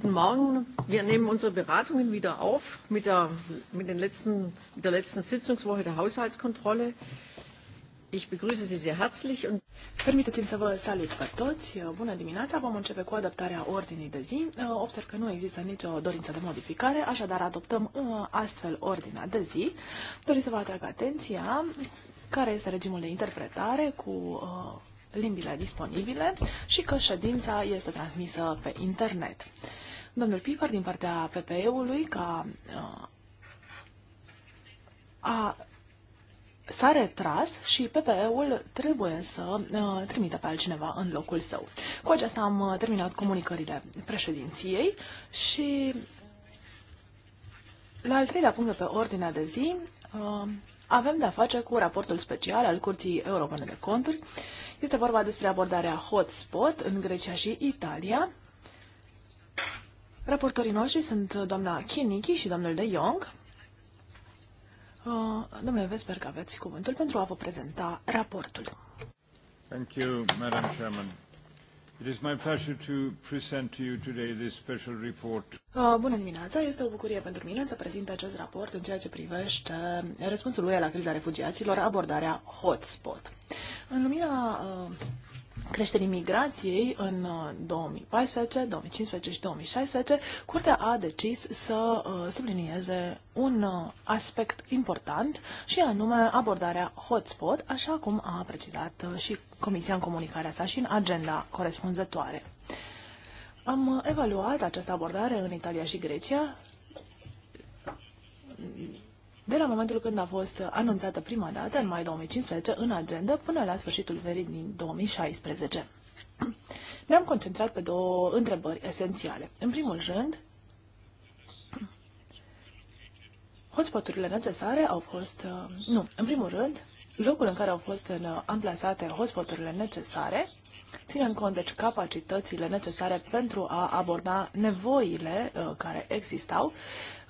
Guten Morgen. Wir nehmen unsere Beratungen wieder auf mit der, mit den letzten, mit der letzten Sitzungswoche der Haushaltskontrolle. Ich begrüße Sie sehr herzlich und Permiteți-mi să vă salut pe toți. Bună dimineața. Vom începe cu adaptarea ordinii de zi. Observ că nu există nicio dorință de modificare, așadar adoptăm uh, astfel ordinea de zi. Doresc să vă atrag atenția care este regimul de interpretare cu uh, limbile disponibile și că ședința este transmisă pe internet. Domnul Piper, din partea PPE-ului, ca uh, a, s-a retras și PPE-ul trebuie să uh, trimită pe altcineva în locul său. Cu aceasta am uh, terminat comunicările președinției și la al treilea punct de pe ordinea de zi uh, avem de-a face cu raportul special al Curții Europene de Conturi. Este vorba despre abordarea hotspot în Grecia și Italia Raportorii noștri sunt doamna Chinichi și domnul De Jong. Uh, domnule Vesper, că aveți cuvântul pentru a vă prezenta raportul. Thank you, Madam Chairman. It is my pleasure to present to you today this special report. Uh, bună dimineața! Este o bucurie pentru mine să prezint acest raport în ceea ce privește răspunsul lui la criza refugiaților, abordarea hotspot. În lumina uh, creșterii migrației în 2014, uh, 2015 și 2016, Curtea a decis să uh, sublinieze un uh, aspect important și anume abordarea hotspot, așa cum a precizat și Comisia în comunicarea sa și în agenda corespunzătoare. Am evaluat această abordare în Italia și Grecia de la momentul când a fost anunțată prima dată, în mai 2015, în agenda, până la sfârșitul verii din 2016. Ne-am concentrat pe două întrebări esențiale. În primul rând, hotspoturile necesare au fost, uh, nu, în primul rând, locul în care au fost uh, amplasate hotspoturile necesare, în cont deci capacitățile necesare pentru a aborda nevoile uh, care existau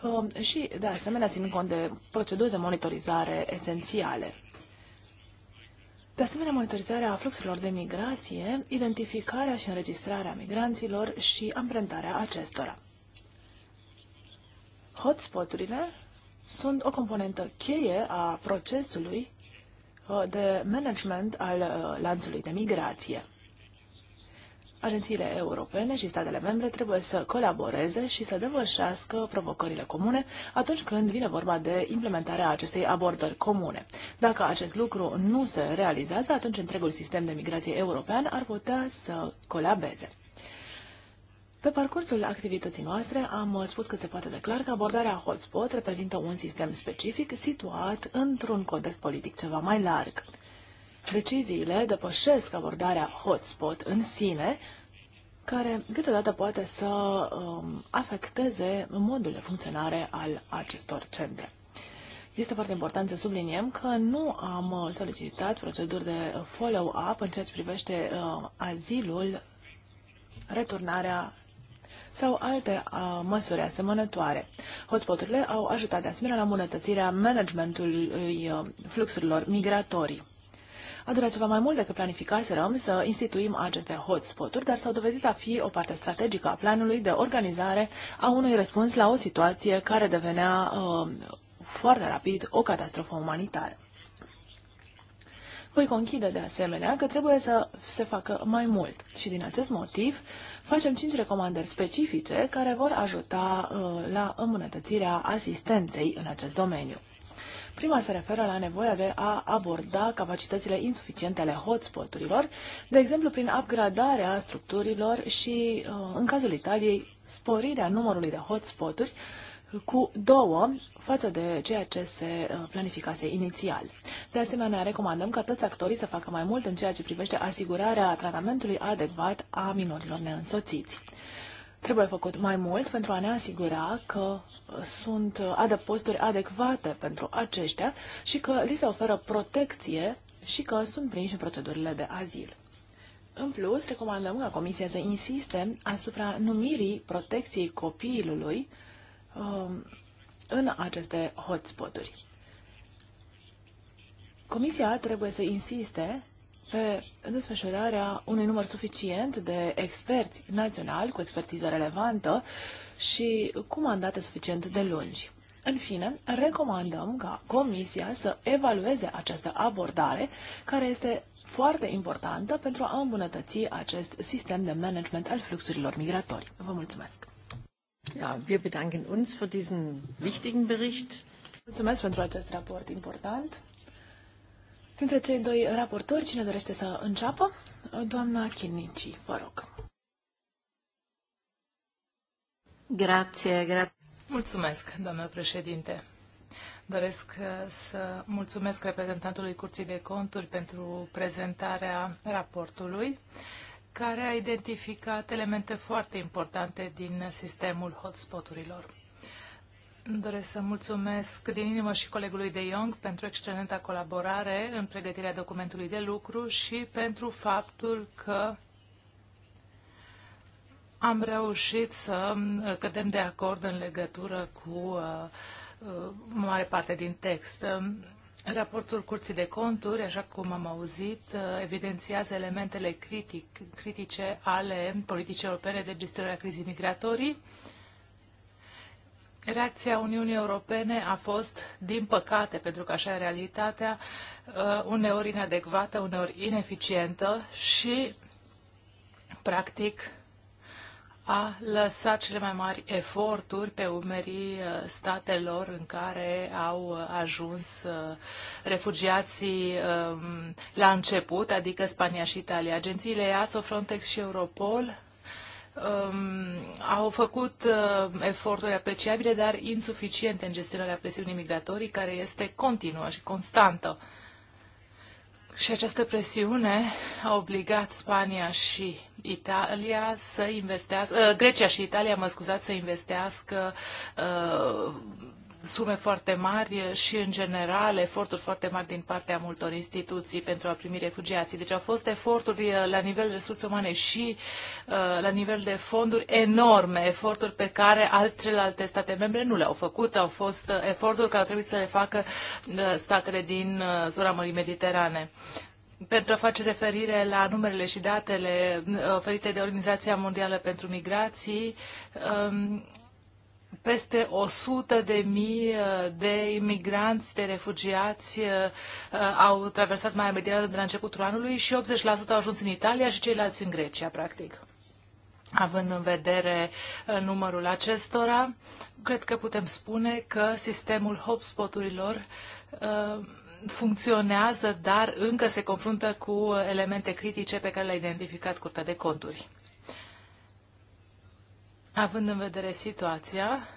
Um, și, de asemenea, ținând cont de proceduri de monitorizare esențiale. De asemenea, monitorizarea fluxurilor de migrație, identificarea și înregistrarea migranților și amprentarea acestora. Hotspoturile sunt o componentă cheie a procesului uh, de management al uh, lanțului de migrație. Agențiile europene și statele membre trebuie să colaboreze și să depășească provocările comune atunci când vine vorba de implementarea acestei abordări comune. Dacă acest lucru nu se realizează, atunci întregul sistem de migrație european ar putea să colabeze. Pe parcursul activității noastre am spus că se poate declar că abordarea hotspot reprezintă un sistem specific situat într-un context politic ceva mai larg deciziile depășesc abordarea hotspot în sine, care câteodată poate să um, afecteze modul de funcționare al acestor centre. Este foarte important să subliniem că nu am solicitat proceduri de follow-up în ceea ce privește uh, azilul, returnarea sau alte uh, măsuri asemănătoare. Hotspoturile au ajutat de asemenea la îmbunătățirea managementului uh, fluxurilor migratorii. A durat ceva mai mult decât planificaserăm să instituim aceste hotspot-uri, dar s-au dovedit a fi o parte strategică a planului de organizare a unui răspuns la o situație care devenea uh, foarte rapid o catastrofă umanitară. Voi conchide de asemenea că trebuie să se facă mai mult și din acest motiv facem cinci recomandări specifice care vor ajuta uh, la îmbunătățirea asistenței în acest domeniu. Prima se referă la nevoia de a aborda capacitățile insuficiente ale hotspoturilor, de exemplu prin upgradarea structurilor și, uh, în cazul Italiei, sporirea numărului de hotspoturi cu două față de ceea ce se uh, planificase inițial. De asemenea, recomandăm ca toți actorii să facă mai mult în ceea ce privește asigurarea tratamentului adecvat a minorilor neînsoțiți. Trebuie făcut mai mult pentru a ne asigura că sunt adăposturi adecvate pentru aceștia și că li se oferă protecție și că sunt prinși în procedurile de azil. În plus, recomandăm ca Comisia să insiste asupra numirii protecției copilului um, în aceste hotspoturi. Comisia trebuie să insiste pe desfășurarea unui număr suficient de experți naționali cu expertiză relevantă și cu mandate suficient de lungi. În fine, recomandăm ca Comisia să evalueze această abordare, care este foarte importantă pentru a îmbunătăți acest sistem de management al fluxurilor migratorii. Vă mulțumesc! Ja, wir bedanken uns für diesen wichtigen Bericht. Mulțumesc pentru acest raport important. Dintre cei doi raportori, cine dorește să înceapă? Doamna Chinici, vă rog. Grație, gra Mulțumesc, doamnă președinte. Doresc uh, să mulțumesc reprezentantului Curții de Conturi pentru prezentarea raportului, care a identificat elemente foarte importante din sistemul hotspoturilor. Îmi doresc să mulțumesc din inimă și colegului de Young pentru excelenta colaborare în pregătirea documentului de lucru și pentru faptul că am reușit să uh, cădem de acord în legătură cu uh, uh mare parte din text. Um, raportul Curții de Conturi, așa cum am auzit, uh, evidențiază elementele critic, critice ale politicii europene de gestionare a crizei migratorii, Reacția Uniunii Europene a fost, din păcate, pentru că așa e realitatea, uh, uneori inadecvată, uneori ineficientă și, practic, a lăsat cele mai mari eforturi pe umerii uh, statelor în care au uh, ajuns refugiații um, la început, adică Spania și Italia. Agențiile EASO, Frontex și Europol um, au făcut uh, eforturi apreciabile, dar insuficiente în gestionarea presiunii migratorii, care este continuă și constantă. Și această presiune a obligat Spania și Italia să investească, uh, Grecia și Italia, mă scuzați, să investească uh, sume foarte mari și, în general, eforturi foarte mari din partea multor instituții pentru a primi refugiații. Deci au fost eforturi uh, la nivel de resurse umane și uh, la nivel de fonduri enorme, eforturi pe care celelalte state membre nu le-au făcut. Au fost uh, eforturi care au trebuit să le facă statele din zona Mării Mediterane. Pentru a face referire la numerele și datele oferite de Organizația Mondială pentru Migrații, um, peste 100 de mii uh, de imigranți, de refugiați uh, uh, au traversat Marea imediat de la începutul anului și 80% au ajuns în Italia și ceilalți în Grecia, practic. Având în vedere numărul acestora, cred că putem spune că sistemul hotspoturilor funcționează, dar încă se confruntă cu elemente critice pe care le-a identificat Curtea de Conturi. Având în vedere situația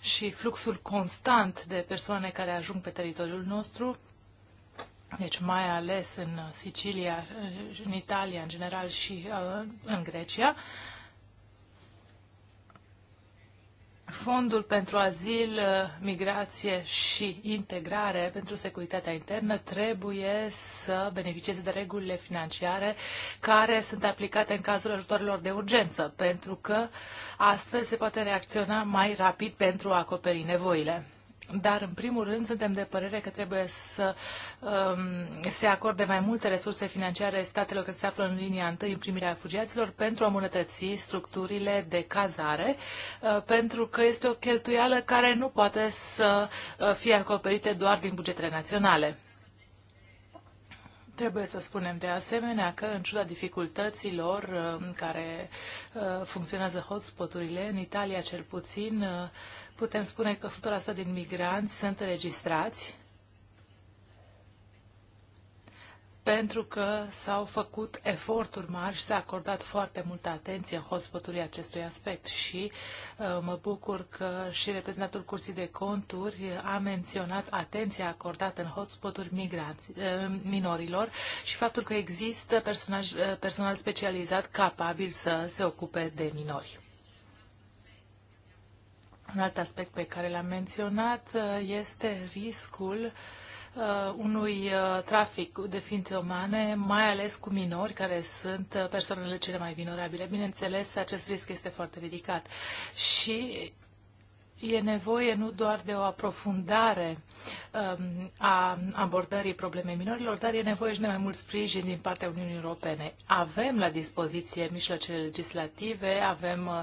și fluxul constant de persoane care ajung pe teritoriul nostru, deci mai ales în Sicilia, în Italia în general și uh, în Grecia, Fondul pentru azil, migrație și integrare pentru securitatea internă trebuie să beneficieze de regulile financiare care sunt aplicate în cazul ajutoarelor de urgență, pentru că astfel se poate reacționa mai rapid pentru a acoperi nevoile. Dar, în primul rând, suntem de părere că trebuie să um, se acorde mai multe resurse financiare statelor care se află în linia întâi în primirea refugiaților pentru a îmbunătăți structurile de cazare, uh, pentru că este o cheltuială care nu poate să uh, fie acoperită doar din bugetele naționale. Trebuie să spunem de asemenea că, în ciuda dificultăților în um, care uh, funcționează hotspoturile, în Italia cel puțin, uh, putem spune că 100% din migranți sunt înregistrați pentru că s-au făcut eforturi mari și s-a acordat foarte multă atenție hotspotului acestui aspect și uh, mă bucur că și reprezentantul Cursii de Conturi a menționat atenția acordată în hotspoturi migranți, uh, minorilor și faptul că există personaj, uh, personal specializat capabil să se ocupe de minori. Un alt aspect pe care l-am menționat uh, este riscul uh, unui uh, trafic de ființe umane, mai ales cu minori, care sunt persoanele cele mai vinorabile. Bineînțeles, acest risc este foarte ridicat. Și e nevoie nu doar de o aprofundare um, a abordării problemei minorilor, dar e nevoie și de mai mult sprijin din partea Uniunii Europene. Avem la dispoziție mijloacele legislative, avem uh,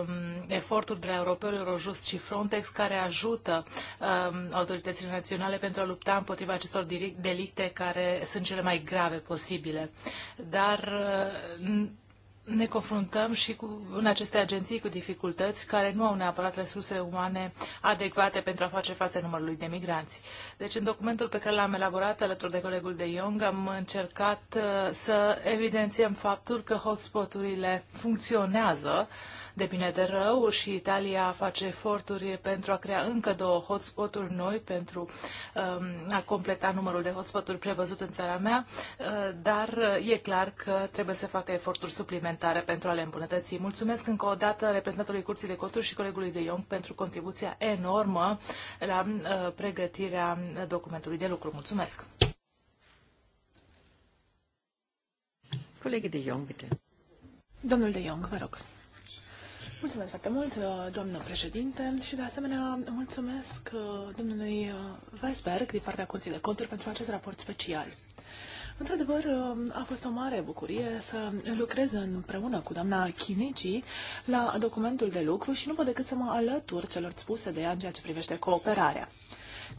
um, eforturi de la Europeul Eurojust și Frontex care ajută um, autoritățile naționale pentru a lupta împotriva acestor delicte care sunt cele mai grave posibile. Dar uh, ne confruntăm și cu, în aceste agenții cu dificultăți care nu au neapărat resurse umane adecvate pentru a face față numărului de migranți. Deci în documentul pe care l-am elaborat alături de colegul de Young am încercat uh, să evidențiem faptul că hotspoturile funcționează uh, de bine de rău și Italia face eforturi pentru a crea încă două hotspoturi noi pentru um, a completa numărul de hotspoturi prevăzut în țara mea, uh, dar e clar că trebuie să facă eforturi suplimentare pentru a le îmbunătăți. Mulțumesc încă o dată reprezentantului Curții de Conturi și colegului de Iong pentru contribuția enormă la uh, pregătirea documentului de lucru. Mulțumesc! Colegii de Jong, bine. Domnul de Jong, vă rog. Mulțumesc foarte mult, uh, doamnă președinte, și de asemenea mulțumesc uh, domnului uh, Weisberg din partea Consiliului de Conturi pentru acest raport special. Într-adevăr, a fost o mare bucurie să lucrez împreună cu doamna Chinici la documentul de lucru și nu pot decât să mă alătur celor spuse de ea în ceea ce privește cooperarea.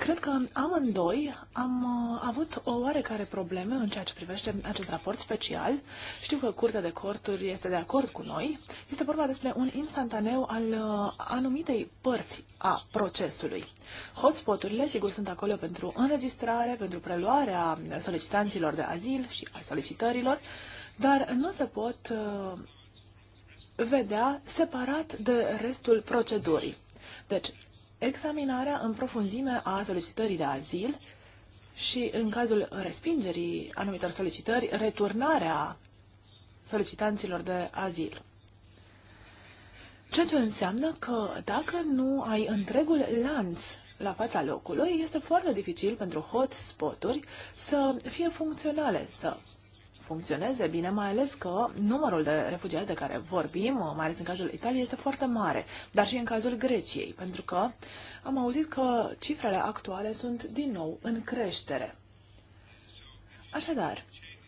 Cred că amândoi am uh, avut o oarecare probleme în ceea ce privește acest raport special. Știu că Curtea de Corturi este de acord cu noi. Este vorba despre un instantaneu al uh, anumitei părți a procesului. Hotspoturile, sigur, sunt acolo pentru înregistrare, pentru preluarea solicitanților de azil și a solicitărilor, dar nu se pot uh, vedea separat de restul procedurii. Deci, examinarea în profunzime a solicitării de azil și, în cazul respingerii anumitor solicitări, returnarea solicitanților de azil. Ceea ce înseamnă că dacă nu ai întregul lanț la fața locului, este foarte dificil pentru hotspot-uri să fie funcționale, să funcționeze bine, mai ales că numărul de refugiați de care vorbim, uh, mai ales în cazul Italiei, este foarte mare, dar și în cazul Greciei, pentru că am auzit că cifrele actuale sunt din nou în creștere. Așadar,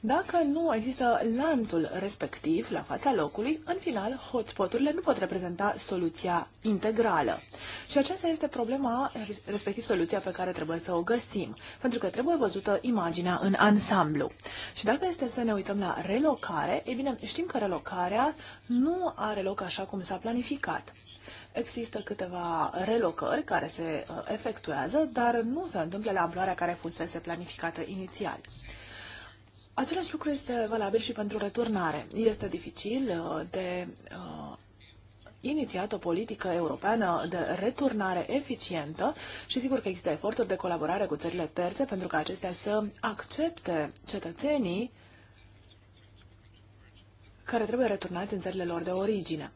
dacă nu există lanțul respectiv la fața locului, în final hotspoturile nu pot reprezenta soluția integrală. Și aceasta este problema, respectiv soluția pe care trebuie să o găsim, pentru că trebuie văzută imaginea în ansamblu. Și dacă este să ne uităm la relocare, e bine, știm că relocarea nu are loc așa cum s-a planificat. Există câteva relocări care se uh, efectuează, dar nu se întâmplă la amploarea care fusese planificată inițial. Același lucru este valabil și pentru returnare. Este dificil uh, de uh, inițiat o politică europeană de returnare eficientă și sigur că există eforturi de colaborare cu țările terțe pentru ca acestea să accepte cetățenii care trebuie returnați în țările lor de origine.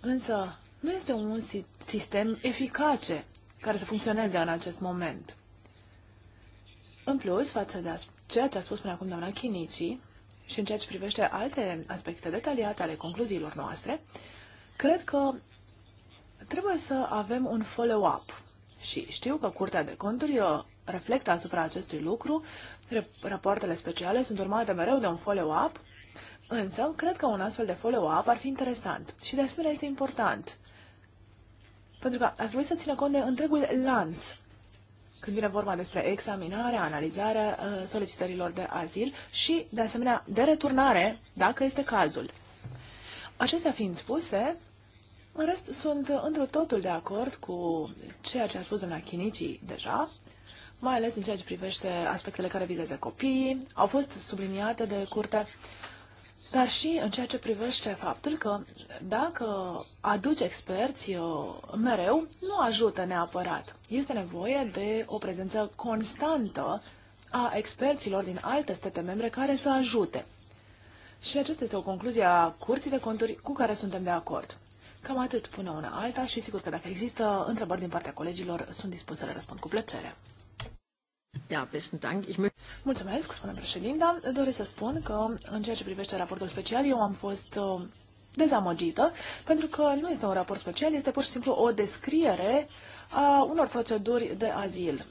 Însă nu este un sistem eficace care să funcționeze în acest moment. În plus, față de a ceea ce a spus până acum doamna Chinici și în ceea ce privește alte aspecte detaliate ale concluziilor noastre, cred că trebuie să avem un follow-up. Și știu că Curtea de Conturi uh, reflectă asupra acestui lucru, rapoartele speciale sunt urmate mereu de un follow-up, însă cred că un astfel de follow-up ar fi interesant și de asemenea este important. Pentru că ar trebui să țină cont de întregul lanț când vine vorba despre examinarea, analizarea uh, solicitărilor de azil și, de asemenea, de returnare, dacă este cazul. Acestea fiind spuse, în rest, sunt într totul de acord cu ceea ce a spus doamna Chinicii deja, mai ales în ceea ce privește aspectele care vizează copiii, au fost subliniate de curte dar și în ceea ce privește faptul că dacă aduci experți uh, mereu, nu ajută neapărat. Este nevoie de o prezență constantă a experților din alte state membre care să ajute. Și aceasta este o concluzie a Curții de Conturi cu care suntem de acord. Cam atât până una alta și sigur că dacă există întrebări din partea colegilor, sunt dispus să le răspund cu plăcere. Da, besten Dank. Mulțumesc, spune președinta. Doresc să spun că, în ceea ce privește raportul special, eu am fost uh, dezamăgită, pentru că nu este un raport special, este pur și simplu o descriere a unor proceduri de azil.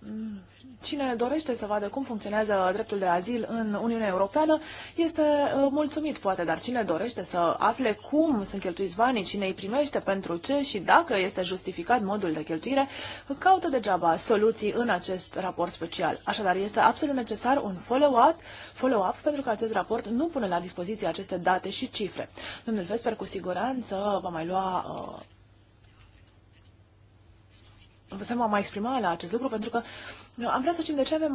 Mm. Cine dorește să vadă cum funcționează dreptul de azil în Uniunea Europeană este uh, mulțumit, poate, dar cine dorește să afle cum sunt cheltuiți banii, cine îi primește, pentru ce și dacă este justificat modul de cheltuire, caută degeaba soluții în acest raport special. Așadar, este absolut necesar un follow-up, follow-up pentru că acest raport nu pune la dispoziție aceste date și cifre. Domnul Vesper, cu siguranță, va mai lua uh, să mă mai exprima la acest lucru, pentru că am vrea să știm de ce avem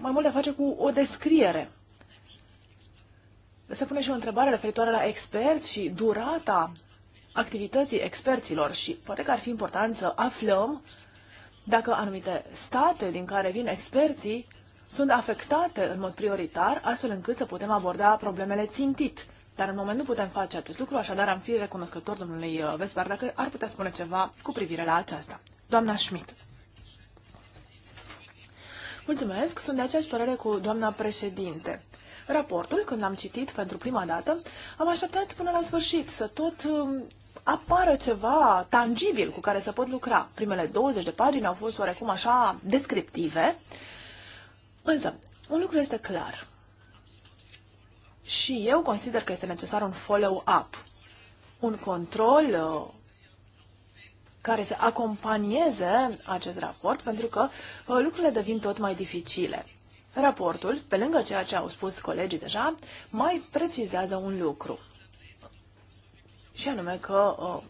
mai mult de a face cu o descriere. Se pune și o întrebare referitoare la experți și durata activității experților și poate că ar fi important să aflăm dacă anumite state din care vin experții sunt afectate în mod prioritar, astfel încât să putem aborda problemele țintit. Dar în moment nu putem face acest lucru, așadar am fi recunoscător domnului uh, Vesper dacă ar putea spune ceva cu privire la aceasta. Doamna Schmidt. Mulțumesc, sunt de aceeași părere cu doamna președinte. Raportul, când l-am citit pentru prima dată, am așteptat până la sfârșit să tot um, apară ceva tangibil cu care să pot lucra. Primele 20 de pagini au fost oarecum așa descriptive, însă un lucru este clar. Și eu consider că este necesar un follow-up, un control uh, care să acompanieze acest raport, pentru că uh, lucrurile devin tot mai dificile. Raportul, pe lângă ceea ce au spus colegii deja, mai precizează un lucru. Și anume că uh,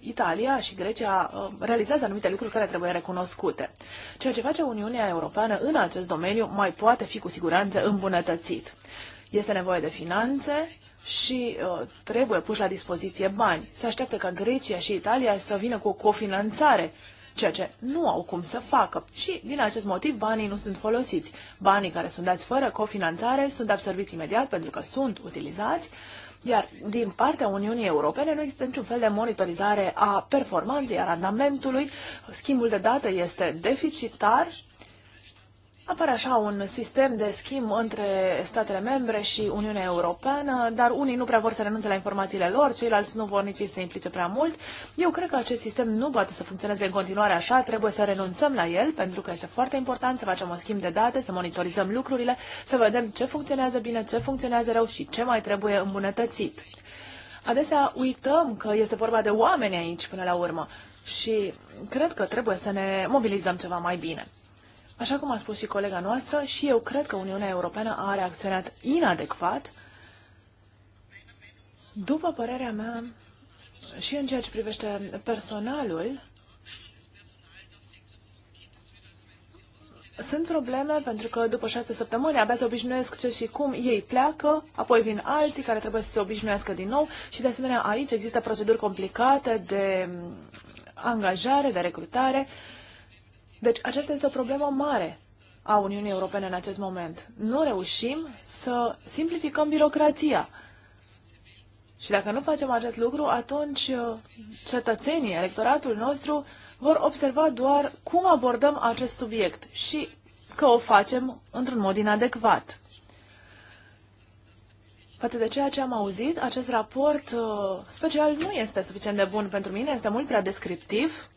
Italia și Grecia uh, realizează anumite lucruri care trebuie recunoscute. Ceea ce face Uniunea Europeană în acest domeniu mai poate fi cu siguranță îmbunătățit. Este nevoie de finanțe, și uh, trebuie puși la dispoziție bani. Se așteaptă ca Grecia și Italia să vină cu o cofinanțare, ceea ce nu au cum să facă. Și din acest motiv banii nu sunt folosiți. Banii care sunt dați fără cofinanțare sunt absorbiți imediat pentru că sunt utilizați, iar din partea Uniunii Europene nu există niciun fel de monitorizare a performanței, a randamentului, schimbul de date este deficitar apare așa un sistem de schimb între statele membre și Uniunea Europeană, dar unii nu prea vor să renunțe la informațiile lor, ceilalți nu vor nici să se implice prea mult. Eu cred că acest sistem nu poate să funcționeze în continuare așa, trebuie să renunțăm la el, pentru că este foarte important să facem un schimb de date, să monitorizăm lucrurile, să vedem ce funcționează bine, ce funcționează rău și ce mai trebuie îmbunătățit. Adesea uităm că este vorba de oameni aici până la urmă și cred că trebuie să ne mobilizăm ceva mai bine. Așa cum a spus și colega noastră, și eu cred că Uniunea Europeană a reacționat inadecvat. După părerea mea, și în ceea ce privește personalul, Sunt probleme pentru că după șase săptămâni abia se obișnuiesc ce și cum ei pleacă, apoi vin alții care trebuie să se obișnuiască din nou și de asemenea aici există proceduri complicate de angajare, de recrutare deci aceasta este o problemă mare a Uniunii Europene în acest moment. Nu reușim să simplificăm birocrația. Și dacă nu facem acest lucru, atunci uh, cetățenii, electoratul nostru, vor observa doar cum abordăm acest subiect și că o facem într-un mod inadecvat. Față de ceea ce am auzit, acest raport uh, special nu este suficient de bun pentru mine, este mult prea descriptiv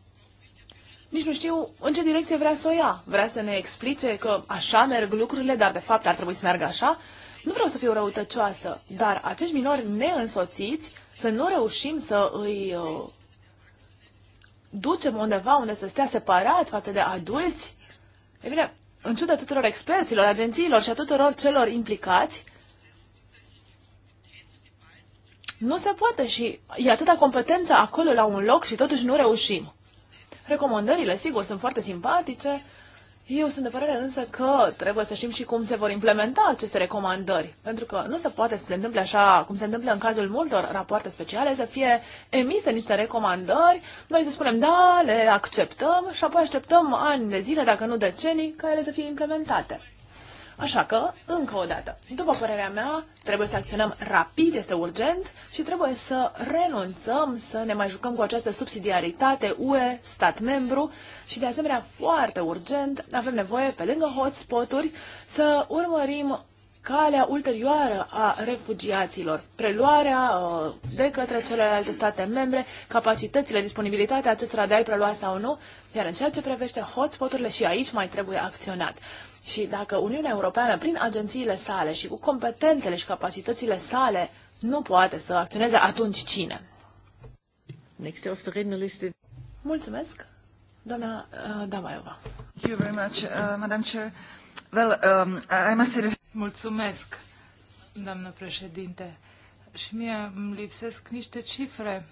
nici nu știu în ce direcție vrea să o ia. Vrea să ne explice că așa merg lucrurile, dar de fapt ar trebui să meargă așa. Nu vreau să fiu răutăcioasă, dar acești minori neînsoțiți, să nu reușim să îi uh, ducem undeva unde să stea separat față de adulți, e bine, în ciuda tuturor experților, agențiilor și a tuturor celor implicați, nu se poate și e atâta competență acolo la un loc și totuși nu reușim. Recomandările, sigur, sunt foarte simpatice. Eu sunt de părere însă că trebuie să știm și cum se vor implementa aceste recomandări, pentru că nu se poate să se întâmple așa cum se întâmplă în cazul multor rapoarte speciale, să fie emise niște recomandări, noi să spunem da, le acceptăm și apoi așteptăm ani de zile, dacă nu decenii, ca ele să fie implementate. Așa că, încă o dată, după părerea mea, trebuie să acționăm rapid, este urgent și trebuie să renunțăm să ne mai jucăm cu această subsidiaritate UE, stat membru și, de asemenea, foarte urgent, avem nevoie, pe lângă hotspot-uri, să urmărim calea ulterioară a refugiaților, preluarea uh, de către celelalte state membre, capacitățile, disponibilitatea acestora de a-i prelua sau nu, iar în ceea ce privește hotspoturile și aici mai trebuie acționat. Și dacă Uniunea Europeană, prin agențiile sale și cu competențele și capacitățile sale, nu poate să acționeze, atunci cine? Next of the list. Mulțumesc, doamna uh, Damaiova. Thank you very much, uh, Madam Chair. Well, um, I must... Mulțumesc, doamnă președinte. Și mie îmi lipsesc niște cifre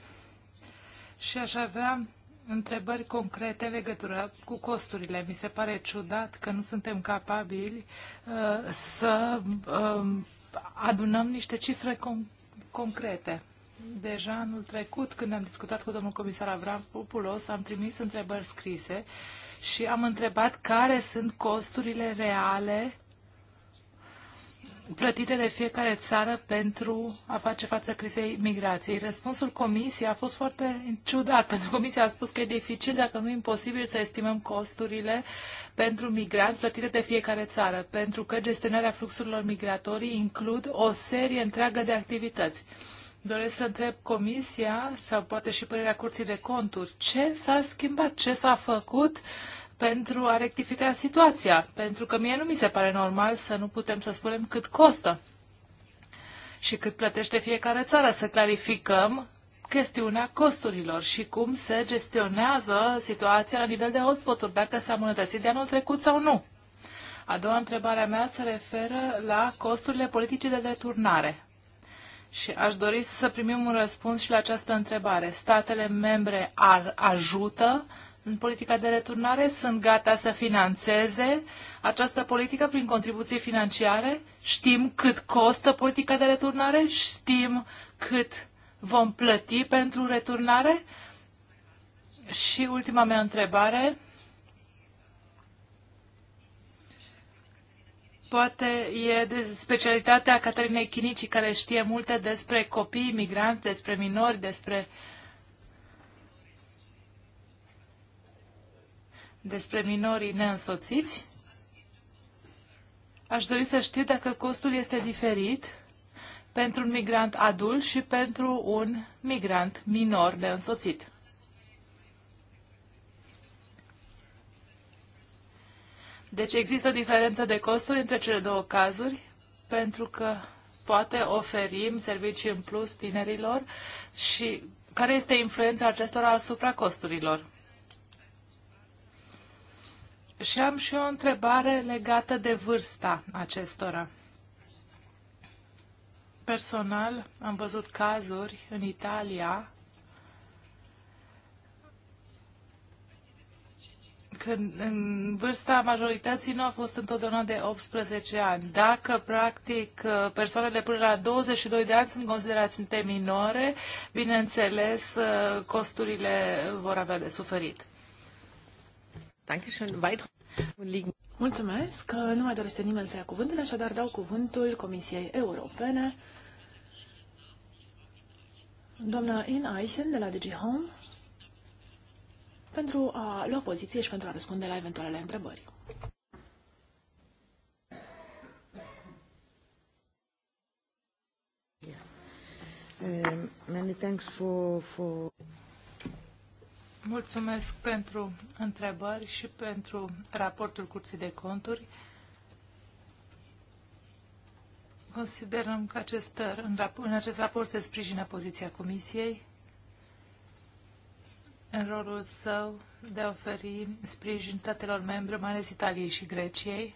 și aș avea întrebări concrete în legătură cu costurile. Mi se pare ciudat că nu suntem capabili uh, să uh, adunăm niște cifre con- concrete. Deja anul trecut, când am discutat cu domnul comisar Avram Populos, am trimis întrebări scrise și am întrebat care sunt costurile reale plătite de fiecare țară pentru a face față crizei migrației. Răspunsul comisiei a fost foarte ciudat, pentru că comisia a spus că e dificil, dacă nu imposibil, să estimăm costurile pentru migranți plătite de fiecare țară, pentru că gestionarea fluxurilor migratorii includ o serie întreagă de activități. Doresc să întreb comisia sau poate și părerea Curții de Conturi ce s-a schimbat, ce s-a făcut uh, pentru a rectifica situația, pentru că mie nu mi se pare normal să nu putem să spunem cât costă și cât plătește fiecare țară, să clarificăm chestiunea costurilor și cum se gestionează situația la nivel de hotspot-uri, dacă s-a îmbunătățit de anul trecut sau nu. A doua întrebare a mea se referă la costurile politice de deturnare. Și aș dori să primim un răspuns și la această întrebare. Statele membre ar ajută în politica de returnare sunt gata să financeze această politică prin contribuții financiare? Știm cât costă politica de returnare? Știm cât vom plăti pentru returnare? Și ultima mea întrebare. Poate e de specialitatea Caterinei Chinicii, care știe multe despre copii, migranți, despre minori, despre despre minorii neînsoțiți, aș dori să știu dacă costul este diferit pentru un migrant adult și pentru un migrant minor neînsoțit. Deci există o diferență de costuri între cele două cazuri, pentru că poate oferim servicii în plus tinerilor și care este influența acestora asupra costurilor. Și am și o întrebare legată de vârsta acestora. Personal, am văzut cazuri în Italia când în vârsta majorității nu a fost întotdeauna de 18 ani. Dacă, practic, persoanele până la 22 de ani sunt considerați minore, bineînțeles, costurile vor avea de suferit. Mulțumesc. Nu mai dorește nimeni să ia cuvântul, așadar dau cuvântul Comisiei Europene. Doamna In Aishen de la DG Home pentru a lua poziție și pentru a răspunde la eventualele întrebări. Um, many thanks for, for... Mulțumesc pentru întrebări și pentru raportul Curții de Conturi. Considerăm că acest, în, acest raport se sprijină poziția Comisiei în rolul său de a oferi sprijin statelor membre, mai ales Italiei și Greciei,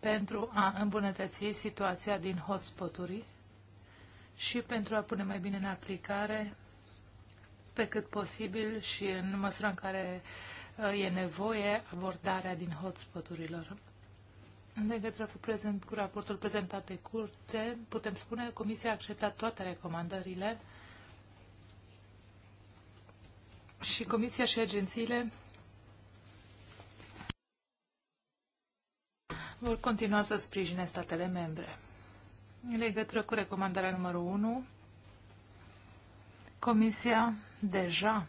pentru a îmbunătăți situația din hotspoturi și pentru a pune mai bine în aplicare pe cât posibil și în măsura în care uh, e nevoie abordarea din hotspoturilor. În legătură cu, prezent, cu raportul prezentat de curte, putem spune că Comisia a acceptat toate recomandările și Comisia și agențiile vor continua să sprijine statele membre. În legătură cu recomandarea numărul 1, Comisia deja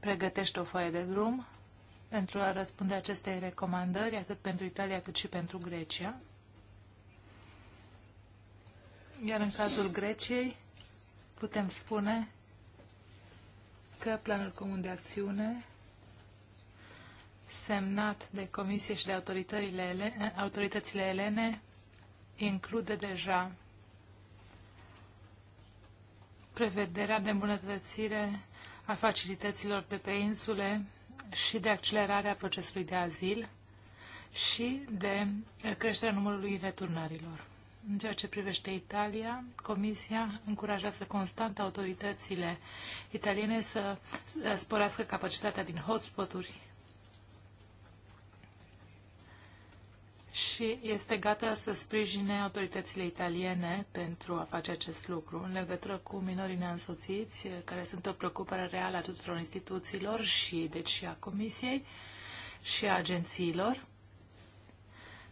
pregătește o foaie de drum pentru a răspunde acestei recomandări, atât pentru Italia cât și pentru Grecia. Iar în cazul Greciei putem spune că planul comun de acțiune semnat de Comisie și de autoritățile elene, autoritățile elene include deja prevederea de îmbunătățire a facilităților de pe insule și de accelerarea procesului de azil și de creșterea numărului returnărilor. În ceea ce privește Italia, Comisia încurajează constant autoritățile italiene să sporească capacitatea din hotspoturi și este gata să sprijine autoritățile italiene pentru a face acest lucru în legătură cu minorii neansoțiți, care sunt o preocupare reală a tuturor instituțiilor și deci și a Comisiei și a agențiilor.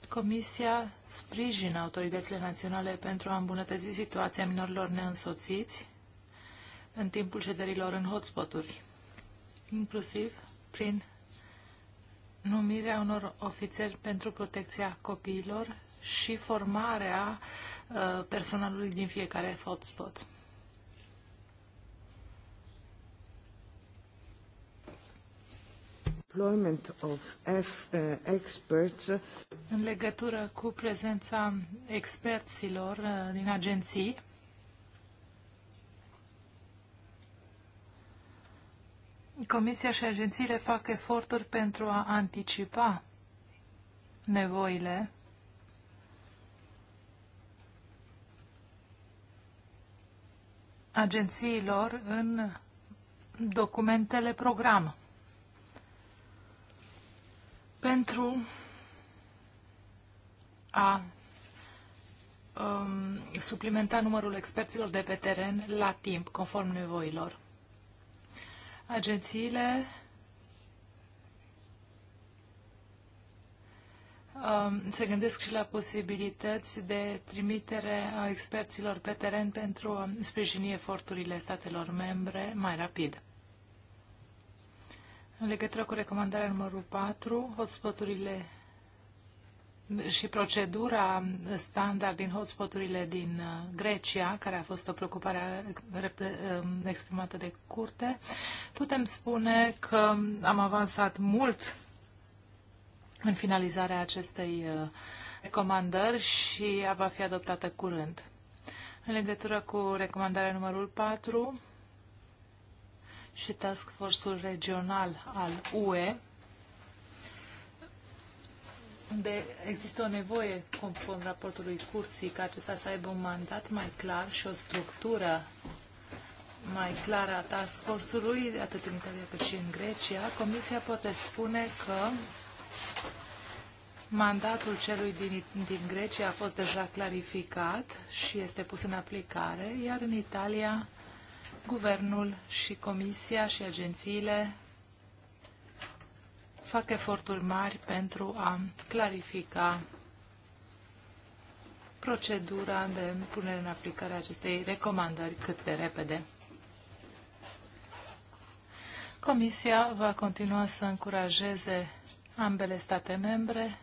Comisia sprijină autoritățile naționale pentru a îmbunătăți situația minorilor neînsoțiți în timpul șederilor în hotspoturi, inclusiv prin numirea unor ofițeri pentru protecția copiilor și formarea uh, personalului din fiecare hotspot. employment of F, uh, experts. În legătură cu prezența experților uh, din agenții, Comisia și agențiile fac eforturi pentru a anticipa nevoile agențiilor în documentele program pentru a um, suplimenta numărul experților de pe teren la timp, conform nevoilor agențiile um, se gândesc și la posibilități de trimitere a experților pe teren pentru a sprijini eforturile statelor membre mai rapid. În legătură cu recomandarea numărul 4, hotspoturile și procedura standard din hotspoturile din uh, Grecia, care a fost o preocupare uh, uh, exprimată de curte, putem spune că am avansat mult în finalizarea acestei recomandări și ea va fi adoptată curând. În legătură cu recomandarea numărul 4 și Task Force-ul regional al UE, unde există o nevoie, conform raportului curții, ca acesta să aibă un mandat mai clar și o structură mai clară a task force-ului, atât în Italia cât și în Grecia, Comisia poate spune că mandatul celui din, din Grecia a fost deja clarificat și este pus în aplicare, iar în Italia guvernul și Comisia și agențiile fac eforturi mari pentru a clarifica procedura de punere în aplicare a acestei recomandări cât de repede. Comisia va continua să încurajeze ambele state membre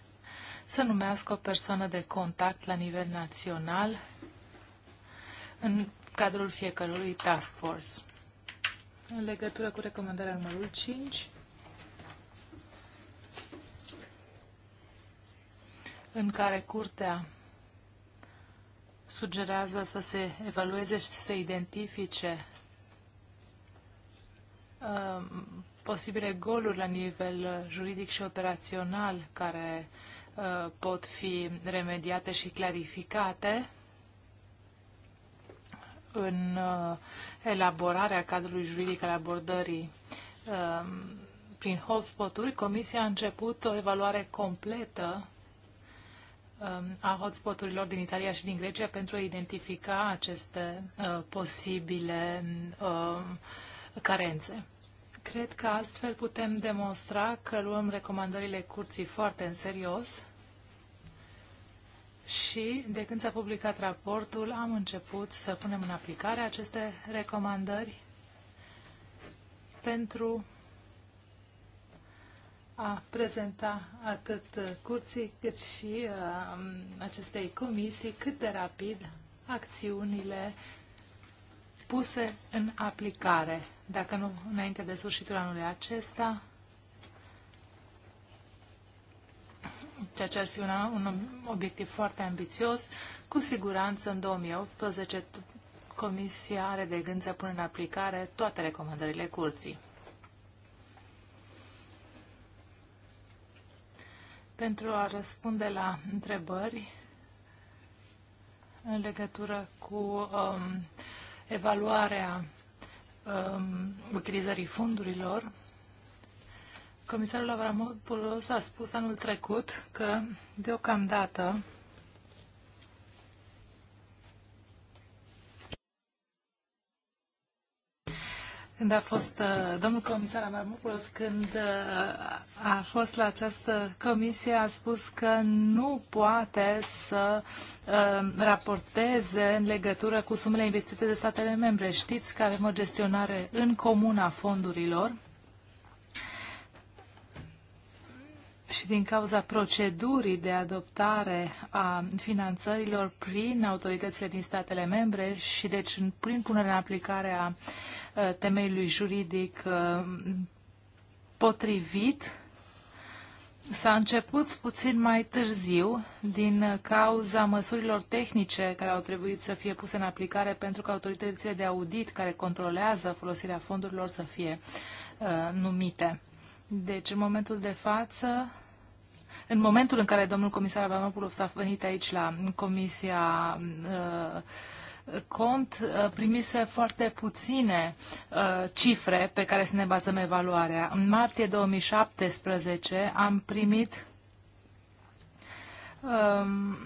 să numească o persoană de contact la nivel național în cadrul fiecărui task force. În legătură cu recomandarea numărul 5, în care curtea sugerează să se evalueze și să se identifice uh, posibile goluri la nivel juridic și operațional care uh, pot fi remediate și clarificate în uh, elaborarea cadrului juridic al abordării prin hotspot-uri, Comisia a început o evaluare completă Um, a hotspoturilor din Italia și din Grecia pentru a identifica aceste uh, posibile uh, carențe. Cred că astfel putem demonstra că luăm recomandările curții foarte în serios și de când s-a publicat raportul am început să punem în aplicare aceste recomandări pentru a prezenta atât curții cât și uh, acestei comisii cât de rapid acțiunile puse în aplicare, dacă nu înainte de sfârșitul anului acesta, ceea ce ar fi una, un obiectiv foarte ambițios. Cu siguranță, în 2018, Comisia are de gând să pună în aplicare toate recomandările curții. pentru a răspunde la întrebări în legătură cu um, evaluarea um, utilizării fondurilor. Comisarul Avramopoulos a spus anul trecut că, deocamdată, când a fost uh, domnul comisar Amarmopoulos, când uh, a fost la această comisie, a spus că nu poate să uh, raporteze în legătură cu sumele investite de statele membre. Știți că avem o gestionare în comun a fondurilor și din cauza procedurii de adoptare a finanțărilor prin autoritățile din statele membre și deci prin punerea în aplicare a Uh, temeiului juridic uh, potrivit. S-a început puțin mai târziu din cauza măsurilor tehnice care au trebuit să fie puse în aplicare pentru că autoritățile de audit care controlează folosirea fondurilor să fie uh, numite. Deci, în momentul de față, în momentul în care domnul comisar Abamopoulos a venit aici la Comisia uh, cont uh, primise foarte puține uh, cifre pe care să ne bazăm evaluarea. În martie 2017 am primit um,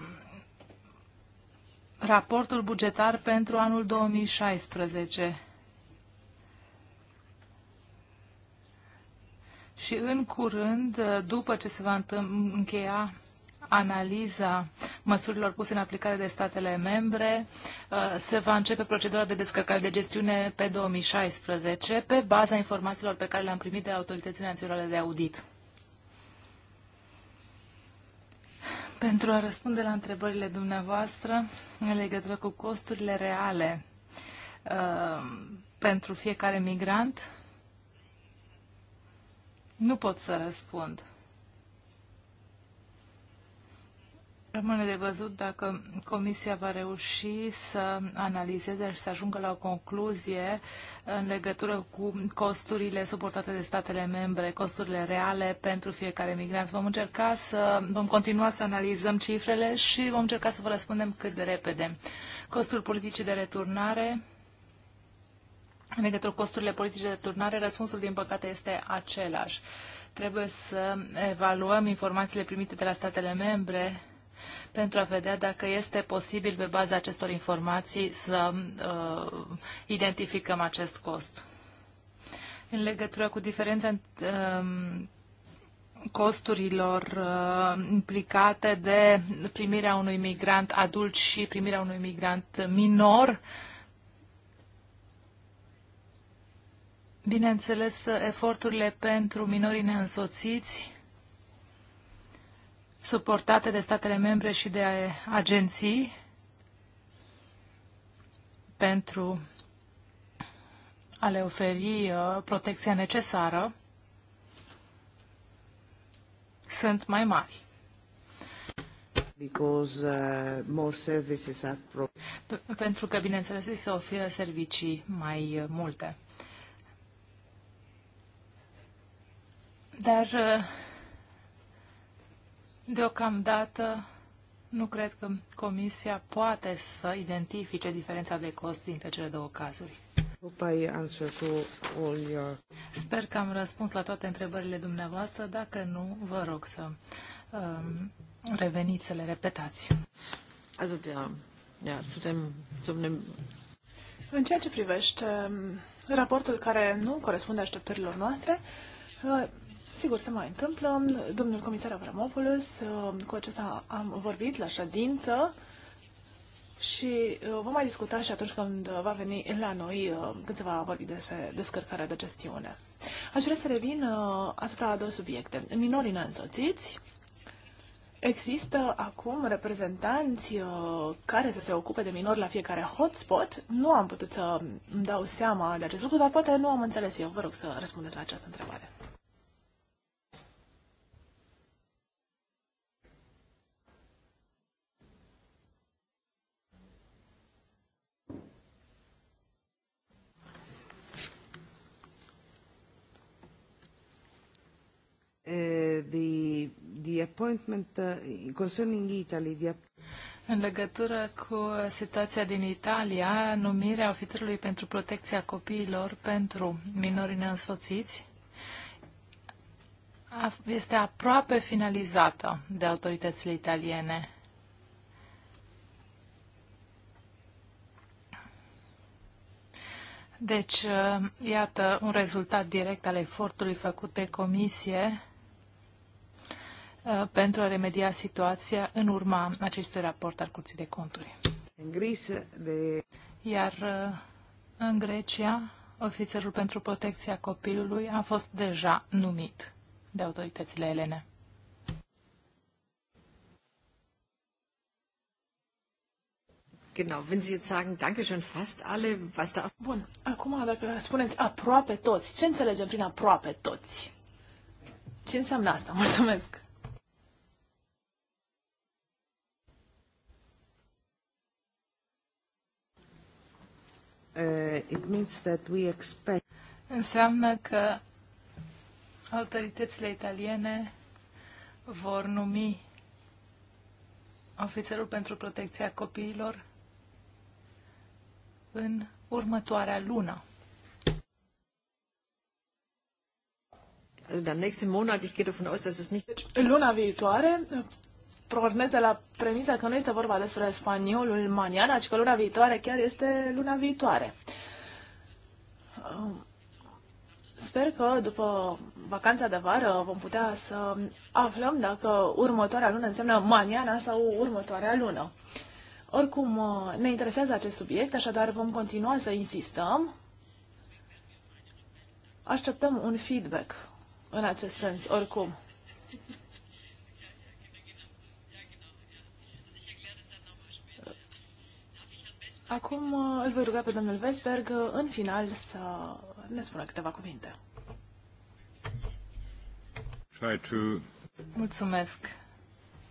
raportul bugetar pentru anul 2016. Și în curând, uh, după ce se va încheia analiza măsurilor puse în aplicare de statele membre, uh, se va începe procedura de descărcare de gestiune pe 2016 pe baza informațiilor pe care le-am primit de autoritățile naționale de audit. Pentru a răspunde la întrebările dumneavoastră în legătură cu costurile reale uh, pentru fiecare migrant, nu pot să răspund. Rămâne de văzut dacă Comisia va reuși să analizeze și să ajungă la o concluzie în legătură cu costurile suportate de statele membre, costurile reale pentru fiecare migrant. Vom încerca să, vom continua să analizăm cifrele și vom încerca să vă răspundem cât de repede. Costul politice de returnare, în legătură cu costurile politice de returnare, răspunsul din păcate este același. Trebuie să evaluăm informațiile primite de la statele membre pentru a vedea dacă este posibil pe baza acestor informații să uh, identificăm acest cost. În legătură cu diferența uh, costurilor uh, implicate de primirea unui migrant adult și primirea unui migrant minor, bineînțeles, eforturile pentru minorii neînsoțiți suportate de statele membre și de agenții pentru a le oferi uh, protecția necesară sunt mai mari. Because, uh, more services are pentru că, bineînțeles, se oferă servicii mai uh, multe. Dar uh, Deocamdată nu cred că Comisia poate să identifice diferența de cost dintre cele două cazuri. Sper că am răspuns la toate întrebările dumneavoastră. Dacă nu, vă rog să um, reveniți să le repetați. În ceea ce privește um, raportul care nu corespunde așteptărilor noastre, uh, Sigur, se mai întâmplă. Domnul comisar Avramopoulos, uh, cu acesta am vorbit la ședință și uh, vom mai discuta și atunci când va veni la noi, uh, când se va vorbi despre descărcarea de gestiune. Aș vrea să revin asupra a două subiecte. Minorii neînsoțiți. Există acum reprezentanți care să se ocupe de minori la fiecare hotspot. Nu am putut să îmi dau seama de acest lucru, dar poate nu am înțeles eu. Vă rog să răspundeți la această întrebare. appointment uh, concerning Italy, the în legătură cu situația din Italia, numirea ofițerului pentru protecția copiilor pentru minorii neînsoțiți este aproape finalizată de autoritățile italiene. Deci, uh, iată un rezultat direct al efortului făcut de comisie Uh, pentru a remedia situația în urma acestui raport al Curții de Conturi. Iar uh, în Grecia, ofițerul pentru protecția copilului a fost deja numit de autoritățile elene. Genau, wenn Sie jetzt sagen, danke schön fast alle, was da... Bun, acum dacă spuneți aproape toți, ce înțelegem prin aproape toți? Ce înseamnă asta? Mulțumesc! Uh, it means that we expect... Înseamnă că autoritățile italiene vor numi ofițerul pentru protecția copiilor în următoarea lună. Deci, în luna viitoare pornesc de la premisa că nu este vorba despre spaniolul manian, aci că luna viitoare chiar este luna viitoare. Um, sper că după vacanța de vară vom putea să aflăm dacă următoarea lună înseamnă maniana sau următoarea lună. Oricum, uh, ne interesează acest subiect, așadar vom continua să insistăm. Așteptăm un feedback în acest sens, oricum. Acum uh, îl voi ruga pe domnul Vesberg uh, în final să ne spună câteva cuvinte. Mulțumesc,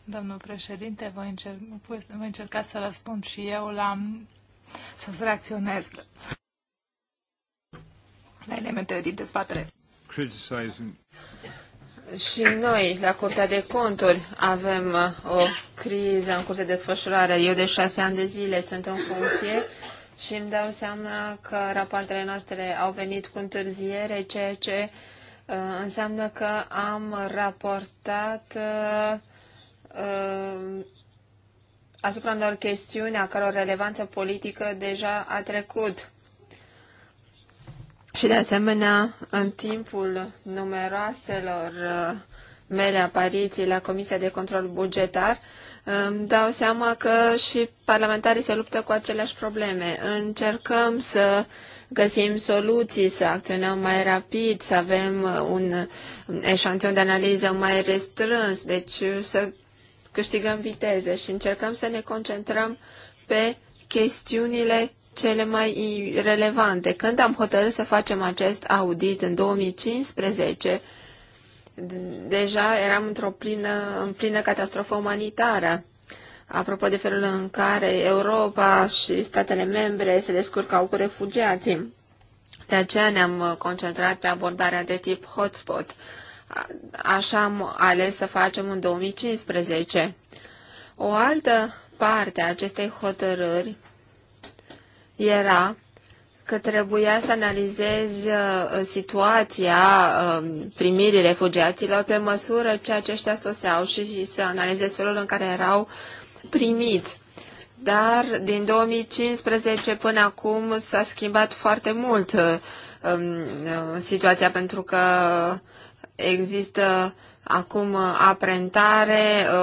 domnul președinte. Voi, încerc, voi încerca să răspund și eu la să să reacționez la elementele din dezbatere. Și noi, la Curtea de Conturi, avem uh, o criză în curs de desfășurare. Eu de șase ani de zile sunt în funcție și îmi dau seama că rapoartele noastre au venit cu întârziere, ceea ce uh, înseamnă că am raportat uh, asupra unor chestiuni a căror relevanță politică deja a trecut. Și de asemenea, în timpul numeroaselor uh, mele apariții la Comisia de Control Bugetar, îmi dau seama că și parlamentarii se luptă cu aceleași probleme. Încercăm să găsim soluții, să acționăm mai rapid, să avem uh, un eșantion de analiză mai restrâns, deci uh, să câștigăm viteze și încercăm să ne concentrăm pe chestiunile cele mai relevante. Când am hotărât să facem acest audit în 2015, deja eram într-o plină, în plină catastrofă umanitară. Apropo de felul în care Europa și statele membre se descurcau cu refugiații. De aceea ne-am concentrat pe abordarea de tip hotspot. Așa am ales să facem în 2015. O altă parte a acestei hotărâri era că trebuia să analizezi uh, situația um, primirii refugiaților pe măsură ce aceștia soseau și să analizezi felul în care erau primiți. Dar din 2015 până acum s-a schimbat foarte mult uh, um, uh, situația pentru că există uh, Acum, uh, aprentare,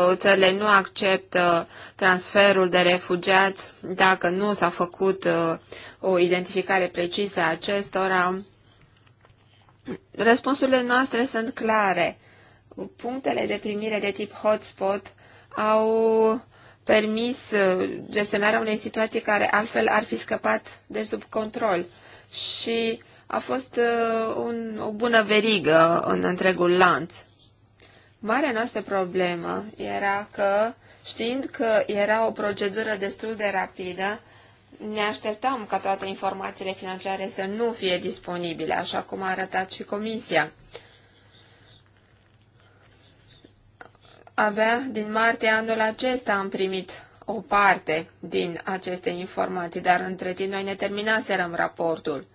uh, țările nu acceptă transferul de refugiați dacă nu s-a făcut uh, o identificare precisă a acestora. Răspunsurile noastre sunt clare. Punctele de primire de tip hotspot au permis gestionarea unei situații care altfel ar fi scăpat de sub control și a fost un, o bună verigă în întregul lanț. Marea noastră problemă era că, știind că era o procedură destul de rapidă, ne așteptam ca toate informațiile financiare să nu fie disponibile, așa cum a arătat și Comisia. Abia din martie anul acesta am primit o parte din aceste informații, dar între timp noi ne terminaserăm raportul.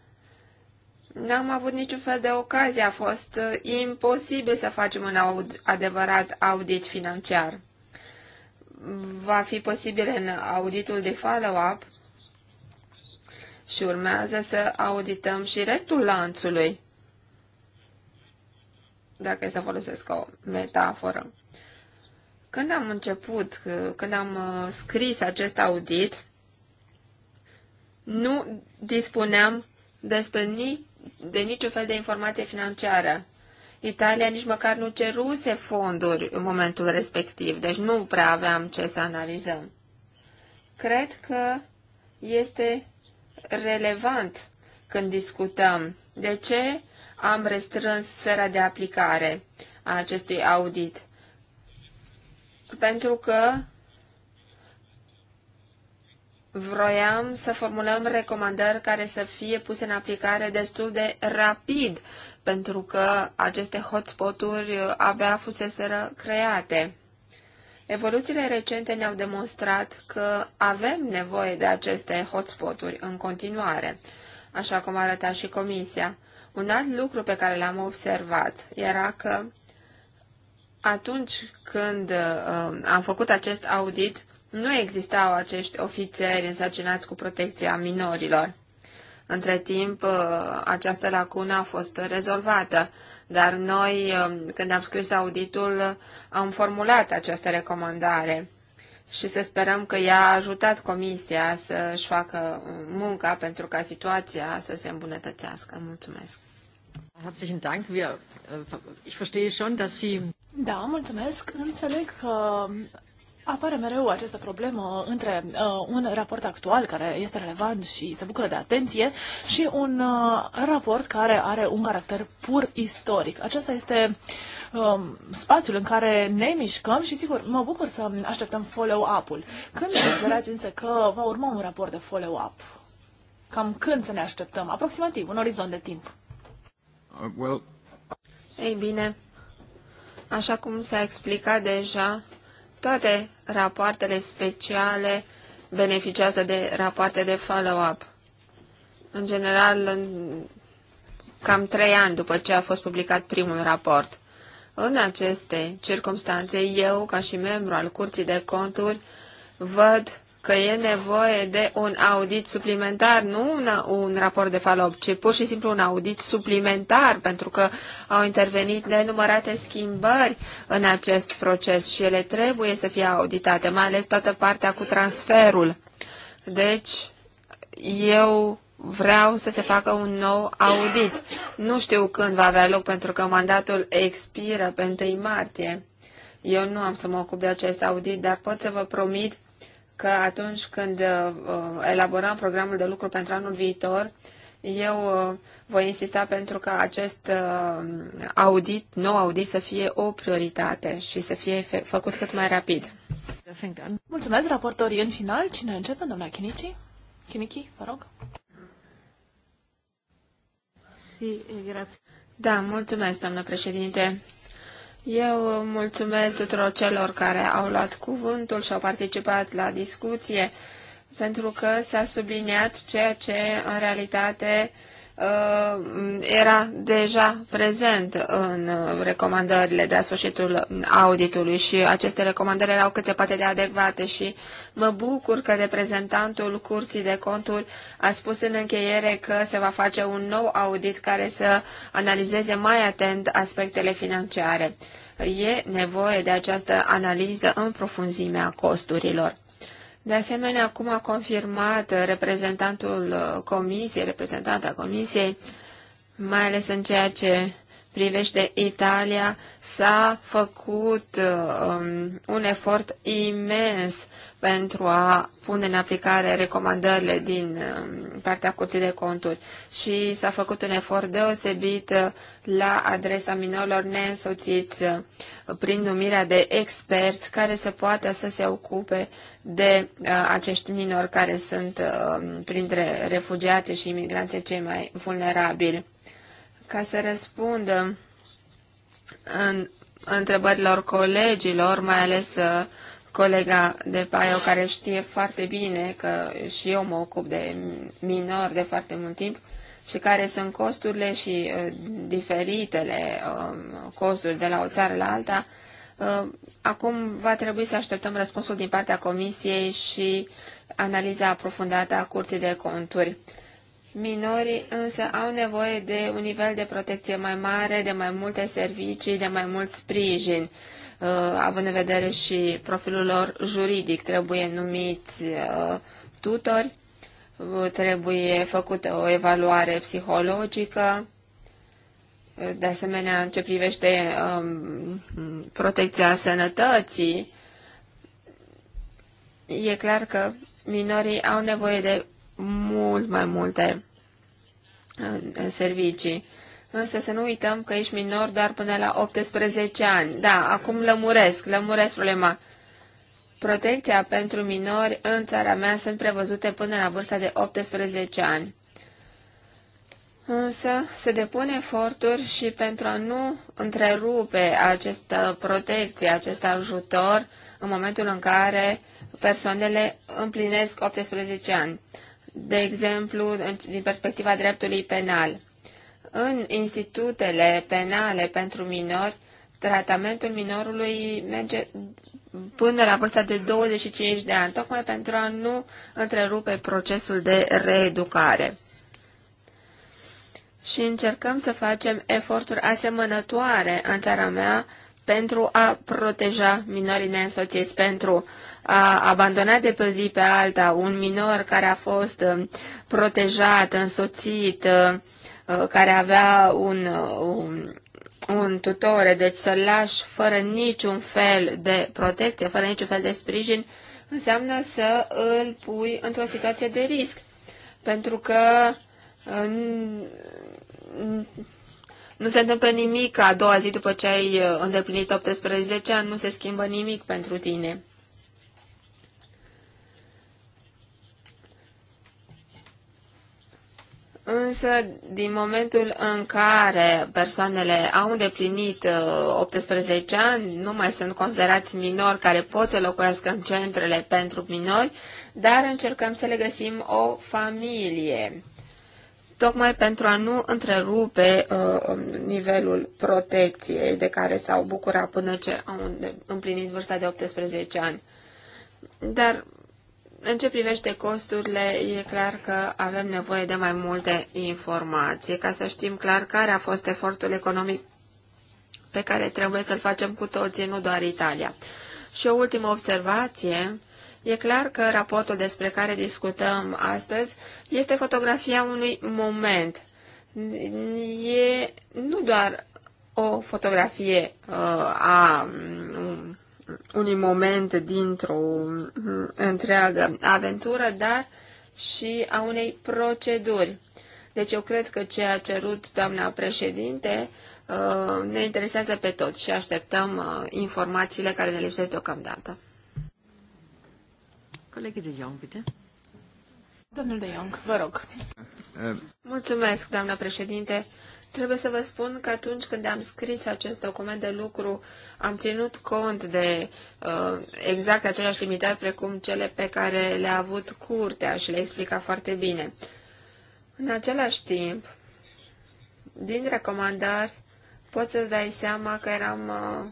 N-am avut niciun fel de ocazie, a fost uh, imposibil să facem un aud, adevărat audit financiar. Va fi posibil în auditul de follow-up și urmează să audităm și restul lanțului, dacă e să folosesc o metaforă. Când am început, uh, când am uh, scris acest audit, nu dispuneam despre nici de niciun fel de informație financiară. Italia nici măcar nu ceruse fonduri în momentul respectiv, deci nu prea aveam ce să analizăm. Cred că este relevant când discutăm de ce am restrâns sfera de aplicare a acestui audit. Pentru că vroiam să formulăm recomandări care să fie puse în aplicare destul de rapid, pentru că aceste hotspot-uri abia fuseseră create. Evoluțiile recente ne-au demonstrat că avem nevoie de aceste hotspot-uri în continuare, așa cum arăta și Comisia. Un alt lucru pe care l-am observat era că atunci când uh, am făcut acest audit, nu existau acești ofițeri însărcinați cu protecția minorilor. Între timp, uh, această lacună a fost rezolvată, dar noi, um, când am scris auditul, am formulat această recomandare și să sperăm că ea a ajutat Comisia să-și facă munca pentru ca situația să se îmbunătățească. Mulțumesc! Herzlichen Dank. Wir, äh, ich verstehe schon, dass Sie... Da, mulțumesc. Înțeleg că apare mereu această problemă între uh, un raport actual care este relevant și se bucură de atenție și un uh, raport care are un caracter pur istoric. Acesta este uh, spațiul în care ne mișcăm și, sigur, mă bucur să așteptăm follow-up-ul. Când considerați însă că va urma un raport de follow-up? Cam când să ne așteptăm? Aproximativ, un orizont de timp. Uh, well... Ei bine, așa cum s-a explicat deja, toate rapoartele speciale beneficiază de rapoarte de follow-up. În general, în cam trei ani după ce a fost publicat primul raport. În aceste circunstanțe, eu, ca și membru al Curții de Conturi, văd că e nevoie de un audit suplimentar, nu un, un raport de falop, ci pur și simplu un audit suplimentar, pentru că au intervenit nenumărate schimbări în acest proces și ele trebuie să fie auditate, mai ales toată partea cu transferul. Deci, eu vreau să se facă un nou audit. Nu știu când va avea loc, pentru că mandatul expiră pe 1 martie. Eu nu am să mă ocup de acest audit, dar pot să vă promit că atunci când uh, uh, elaborăm programul de lucru pentru anul viitor, eu uh, voi insista pentru ca acest audit, nou audit, să fie o prioritate și să fie făcut cât mai rapid. Mulțumesc, raportorii. În final, cine începe? Doamna Chinici? Chinichi, vă rog. Eh, da, mulțumesc, doamnă președinte. Eu mulțumesc tuturor celor care au luat cuvântul și au participat la discuție, pentru că s-a subliniat ceea ce în realitate Uh, era deja prezent în recomandările de la sfârșitul auditului și aceste recomandări erau cât se poate de adecvate și mă bucur că reprezentantul Curții de Conturi a spus în încheiere că se va face un nou audit care să analizeze mai atent aspectele financiare. E nevoie de această analiză în profunzimea costurilor. De asemenea, cum a confirmat reprezentantul uh, comisiei, reprezentanta comisiei, mai ales în ceea ce privește Italia, s-a făcut uh, um, un efort imens pentru a pune în aplicare recomandările din um, partea Curții de Conturi și s-a făcut un efort deosebit uh, la adresa minorilor neînsoțiți prin numirea de experți care să poată să se ocupe de uh, acești minori care sunt uh, printre refugiații și imigranții cei mai vulnerabili. Ca să răspundă în întrebărilor colegilor, mai ales uh, colega de Paio, care știe foarte bine că și eu mă ocup de minori de foarte mult timp, și care sunt costurile și uh, diferitele uh, costuri de la o țară la alta, uh, Uh, acum va trebui să așteptăm răspunsul din partea Comisiei și analiza aprofundată a Curții de Conturi. Minorii însă au nevoie de un nivel de protecție mai mare, de mai multe servicii, de mai mult sprijin, uh, având în vedere și profilul lor juridic. Trebuie numiți uh, tutori, trebuie făcută o evaluare psihologică, de asemenea, în ce privește um, protecția sănătății, e clar că minorii au nevoie de mult mai multe uh, servicii. Însă să nu uităm că ești minor doar până la 18 ani. Da, acum lămuresc, lămuresc problema. Protecția pentru minori în țara mea sunt prevăzute până la vârsta de 18 ani. Însă se depun eforturi și pentru a nu întrerupe această protecție, acest ajutor în momentul în care persoanele împlinesc 18 ani, de exemplu din perspectiva dreptului penal. În institutele penale pentru minori, tratamentul minorului merge până la vârsta de 25 de ani, tocmai pentru a nu întrerupe procesul de reeducare și încercăm să facem eforturi asemănătoare în țara mea pentru a proteja minorii neînsoțiți, pentru a abandona de pe zi pe alta un minor care a fost uh, protejat, însoțit, uh, uh, care avea un, un, un tutore, deci să-l lași fără niciun fel de protecție, fără niciun fel de sprijin, înseamnă să îl pui într-o situație de risc. Pentru că nu se întâmplă nimic a doua zi după ce ai uh, îndeplinit 18 ani, nu se schimbă nimic pentru tine. Însă, din momentul în care persoanele au îndeplinit 18 uh, ani, nu mai sunt considerați minori care pot să locuiască în centrele pentru minori, dar încercăm să le găsim o familie tocmai pentru a nu întrerupe uh, nivelul protecției de care s-au bucurat până ce au împlinit vârsta de 18 ani. Dar în ce privește costurile, e clar că avem nevoie de mai multe informații ca să știm clar care a fost efortul economic pe care trebuie să-l facem cu toții, nu doar Italia. Și o ultimă observație, E clar că raportul despre care discutăm astăzi este fotografia unui moment. E nu doar o fotografie uh, a um, unui moment dintr-o um, întreagă aventură, dar și a unei proceduri. Deci eu cred că ce a cerut doamna președinte uh, ne interesează pe toți și așteptăm uh, informațiile care ne lipsesc deocamdată. Colegii de Jong, bine. Domnul de vă rog. Mulțumesc, doamna președinte. Trebuie să vă spun că atunci când am scris acest document de lucru, am ținut cont de uh, exact aceleași limitări precum cele pe care le-a avut curtea și le explica foarte bine. În același timp, din recomandări, poți să-ți dai seama că eram uh,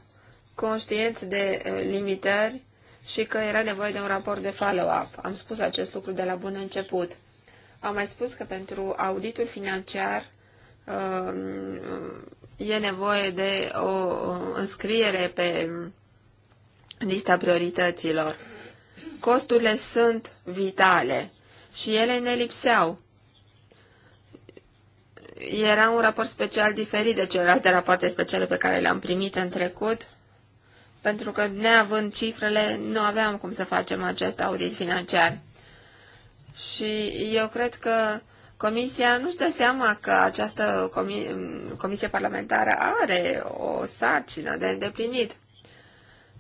conștienți de uh, limitări și că era nevoie de un raport de follow-up. Am spus acest lucru de la bun început. Am mai spus că pentru auditul financiar um, e nevoie de o înscriere pe lista priorităților. Costurile sunt vitale și ele ne lipseau. Era un raport special diferit de celelalte rapoarte speciale pe care le-am primit în trecut pentru că neavând cifrele, nu aveam cum să facem acest audit financiar. Și eu cred că Comisia nu-și dă seama că această comi comisie parlamentară are o sarcină de îndeplinit.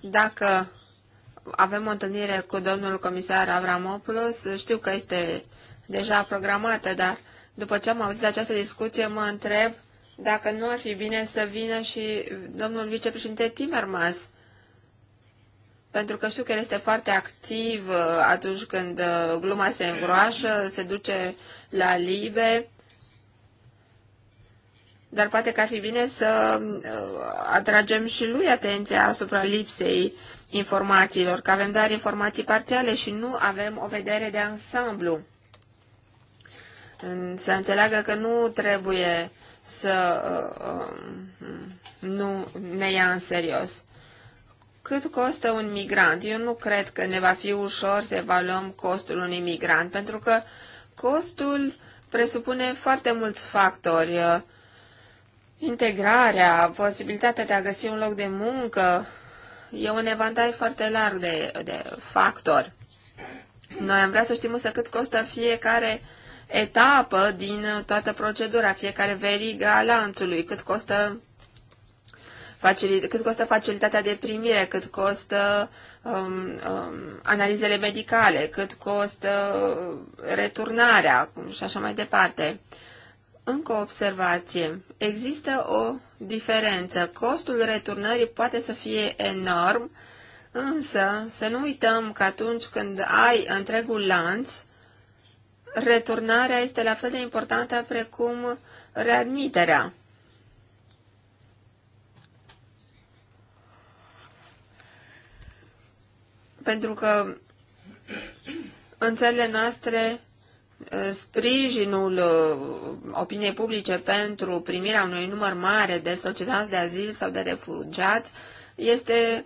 Dacă avem o întâlnire cu domnul comisar Avramopoulos, știu că este deja programată, dar după ce am auzit această discuție, mă întreb dacă nu ar fi bine să vină și domnul vicepreședinte Timmermans pentru că știu că el este foarte activ uh, atunci când uh, gluma se îngroașă, se duce la libe, dar poate că ar fi bine să uh, atragem și lui atenția asupra lipsei informațiilor, că avem doar informații parțiale și nu avem o vedere de ansamblu. Să înțeleagă că nu trebuie să um, nu ne ia în serios. Cât costă un migrant? Eu nu cred că ne va fi ușor să evaluăm costul unui migrant, pentru că costul presupune foarte mulți factori. Integrarea, posibilitatea de a găsi un loc de muncă, e un evantai foarte larg de, de factori. Noi am vrea să știm însă cât costă fiecare etapă din toată procedura, fiecare veriga lanțului, cât costă cât costă facilitatea de primire, cât costă um, um, analizele medicale, cât costă uh, returnarea și așa mai departe. Încă o observație. Există o diferență. Costul returnării poate să fie enorm, însă să nu uităm că atunci când ai întregul lanț, returnarea este la fel de importantă precum readmiterea. pentru că în țările noastre uh, sprijinul uh, opiniei publice pentru primirea unui număr mare de societăți de azil sau de refugiați este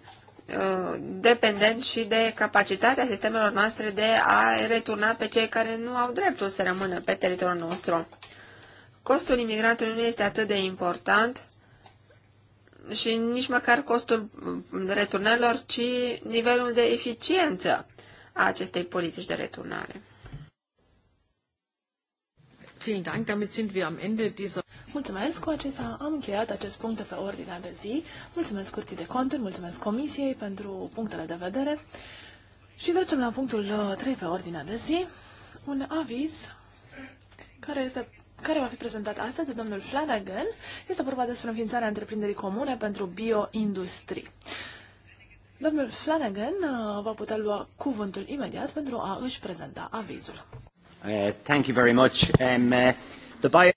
uh, dependent și de capacitatea sistemelor noastre de a returna pe cei care nu au dreptul să rămână pe teritoriul nostru. Costul imigrantului nu este atât de important și nici măcar costul returnărilor, ci nivelul de eficiență a acestei politici de returnare. Mulțumesc, cu acesta am încheiat acest punct de pe ordinea de zi. Mulțumesc Curții de Conturi, mulțumesc Comisiei pentru punctele de vedere. Și trecem la punctul 3 uh, pe ordinea de zi, un aviz care este care va fi prezentat astăzi de domnul Flanagan. Este vorba despre înființarea întreprinderii comune pentru bioindustrie. Domnul Flanagan uh, va putea lua cuvântul imediat pentru a își prezenta avizul. Uh, thank you very much. Um, uh, the bio...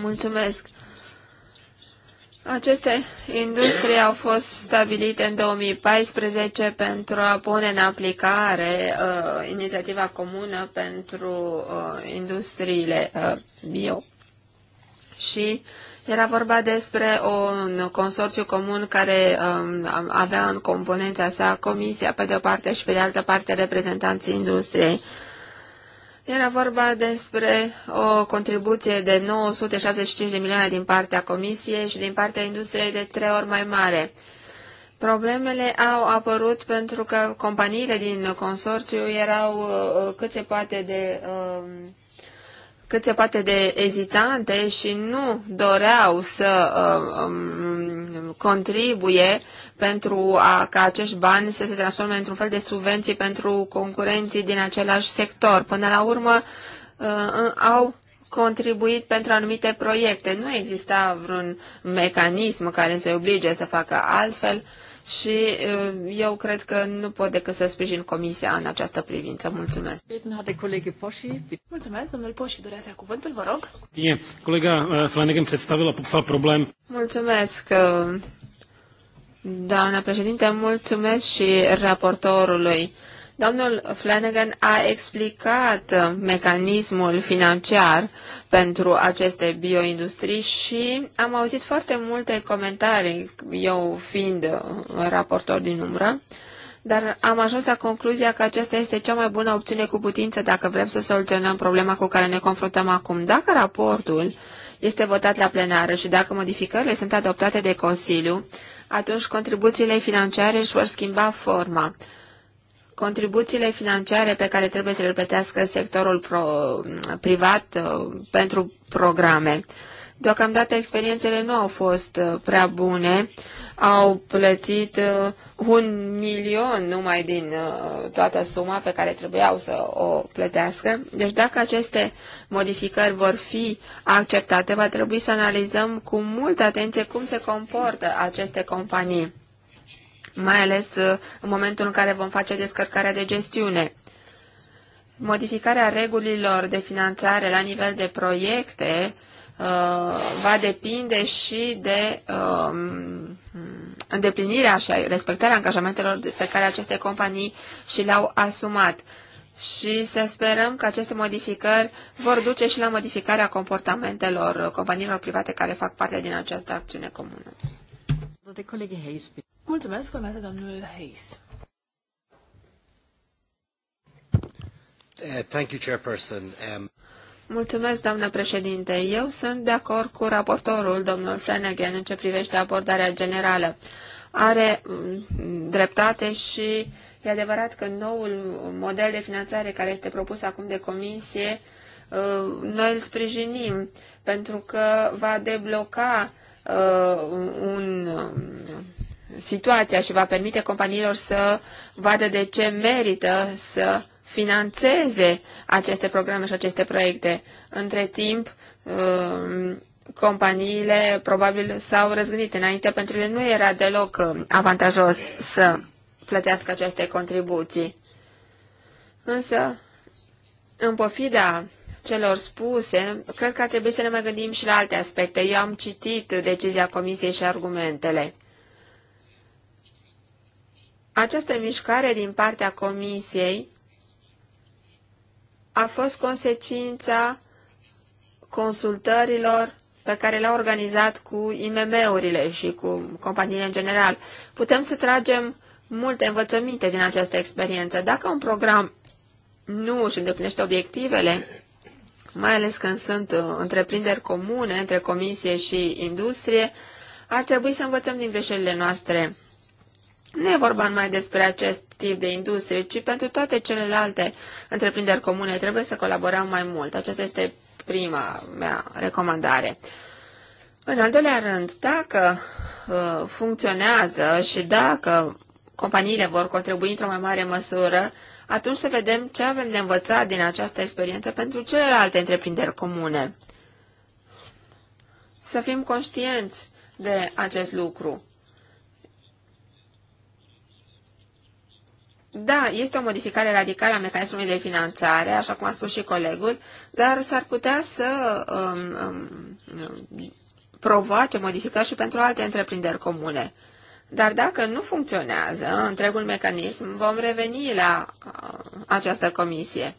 Mulțumesc. Aceste industrie au fost stabilite în 2014 pentru a pune în aplicare uh, inițiativa comună pentru uh, industriile uh, bio. Și era vorba despre un consorțiu comun care um, avea în componența sa comisia, pe de o parte și pe de altă parte reprezentanții industriei. Uh, era vorba despre o contribuție de 975 de milioane din partea Comisiei și din partea industriei de trei ori mai mare. Problemele au apărut pentru că companiile din consorțiu erau uh, cât se poate de uh, cât se poate de ezitante și nu doreau să uh, um, contribuie pentru a, ca acești bani să se transforme într-un fel de subvenții pentru concurenții din același sector. Până la urmă uh, au contribuit pentru anumite proiecte. Nu exista vreun mecanism care să oblige să facă altfel. Uh, și eu cred că nu pot decât să sprijin Comisia în această privință. Mulțumesc. Mulțumesc, domnul Poși, dorează cuvântul, vă rog. Bine, colega uh, Flanagan predstavila, popsal problem. Mulțumesc. Uh, doamna președinte, mulțumesc și raportorului Domnul Flanagan a explicat uh, mecanismul financiar pentru aceste bioindustrii și am auzit foarte multe comentarii, eu fiind uh, raportor din umbră, dar am ajuns la concluzia că aceasta este cea mai bună opțiune cu putință dacă vrem să soluționăm problema cu care ne confruntăm acum. Dacă raportul este votat la plenară și dacă modificările sunt adoptate de Consiliu, atunci contribuțiile financiare își vor schimba forma contribuțiile financiare pe care trebuie să le plătească sectorul pro, privat uh, pentru programe. Deocamdată experiențele nu au fost uh, prea bune. Au plătit uh, un milion numai din toată suma pe care trebuiau să o plătească. Deci dacă aceste modificări vor fi acceptate, va trebui să analizăm cu multă atenție cum se comportă aceste companii mai ales uh, în momentul în care vom face descărcarea de gestiune. Modificarea regulilor de finanțare la nivel de proiecte uh, va depinde și de um, îndeplinirea și respectarea angajamentelor pe care aceste companii și le-au asumat. Și să sperăm că aceste modificări vor duce și la modificarea comportamentelor uh, companiilor private care fac parte din această acțiune comună. Mulțumesc, urmează domnul Hayes. Eh, thank you, Chairperson. Um... Mulțumesc, doamnă președinte. Eu sunt de acord cu raportorul, domnul Flanagan, în ce privește abordarea generală. Are mm, dreptate și e adevărat că noul model de finanțare care este propus acum de comisie, uh, noi îl sprijinim pentru că va debloca uh, un situația și va permite companiilor să vadă de ce merită să financeze aceste programe și aceste proiecte. Între timp, um, companiile probabil s-au răzgândit înainte, pentru că nu era deloc um, avantajos să plătească aceste contribuții. Însă, în pofida celor spuse, cred că ar trebui să ne mai gândim și la alte aspecte. Eu am citit decizia Comisiei și argumentele. Această mișcare din partea Comisiei a fost consecința consultărilor pe care le au organizat cu IMM-urile și cu companiile în general. Putem să tragem multe învățăminte din această experiență. Dacă un program nu își îndeplinește obiectivele, mai ales când sunt uh, întreprinderi comune între comisie și industrie, ar trebui să învățăm din greșelile noastre nu e vorba numai despre acest tip de industrie, ci pentru toate celelalte întreprinderi comune trebuie să colaborăm mai mult. Aceasta este prima mea recomandare. În al doilea rând, dacă uh, funcționează și dacă companiile vor contribui într-o mai mare măsură, atunci să vedem ce avem de învățat din această experiență pentru celelalte întreprinderi comune. Să fim conștienți de acest lucru. Da, este o modificare radicală a mecanismului de finanțare, așa cum a spus și colegul, dar s-ar putea să um, um, provoace modificări și pentru alte întreprinderi comune. Dar dacă nu funcționează întregul mecanism, vom reveni la uh, această comisie.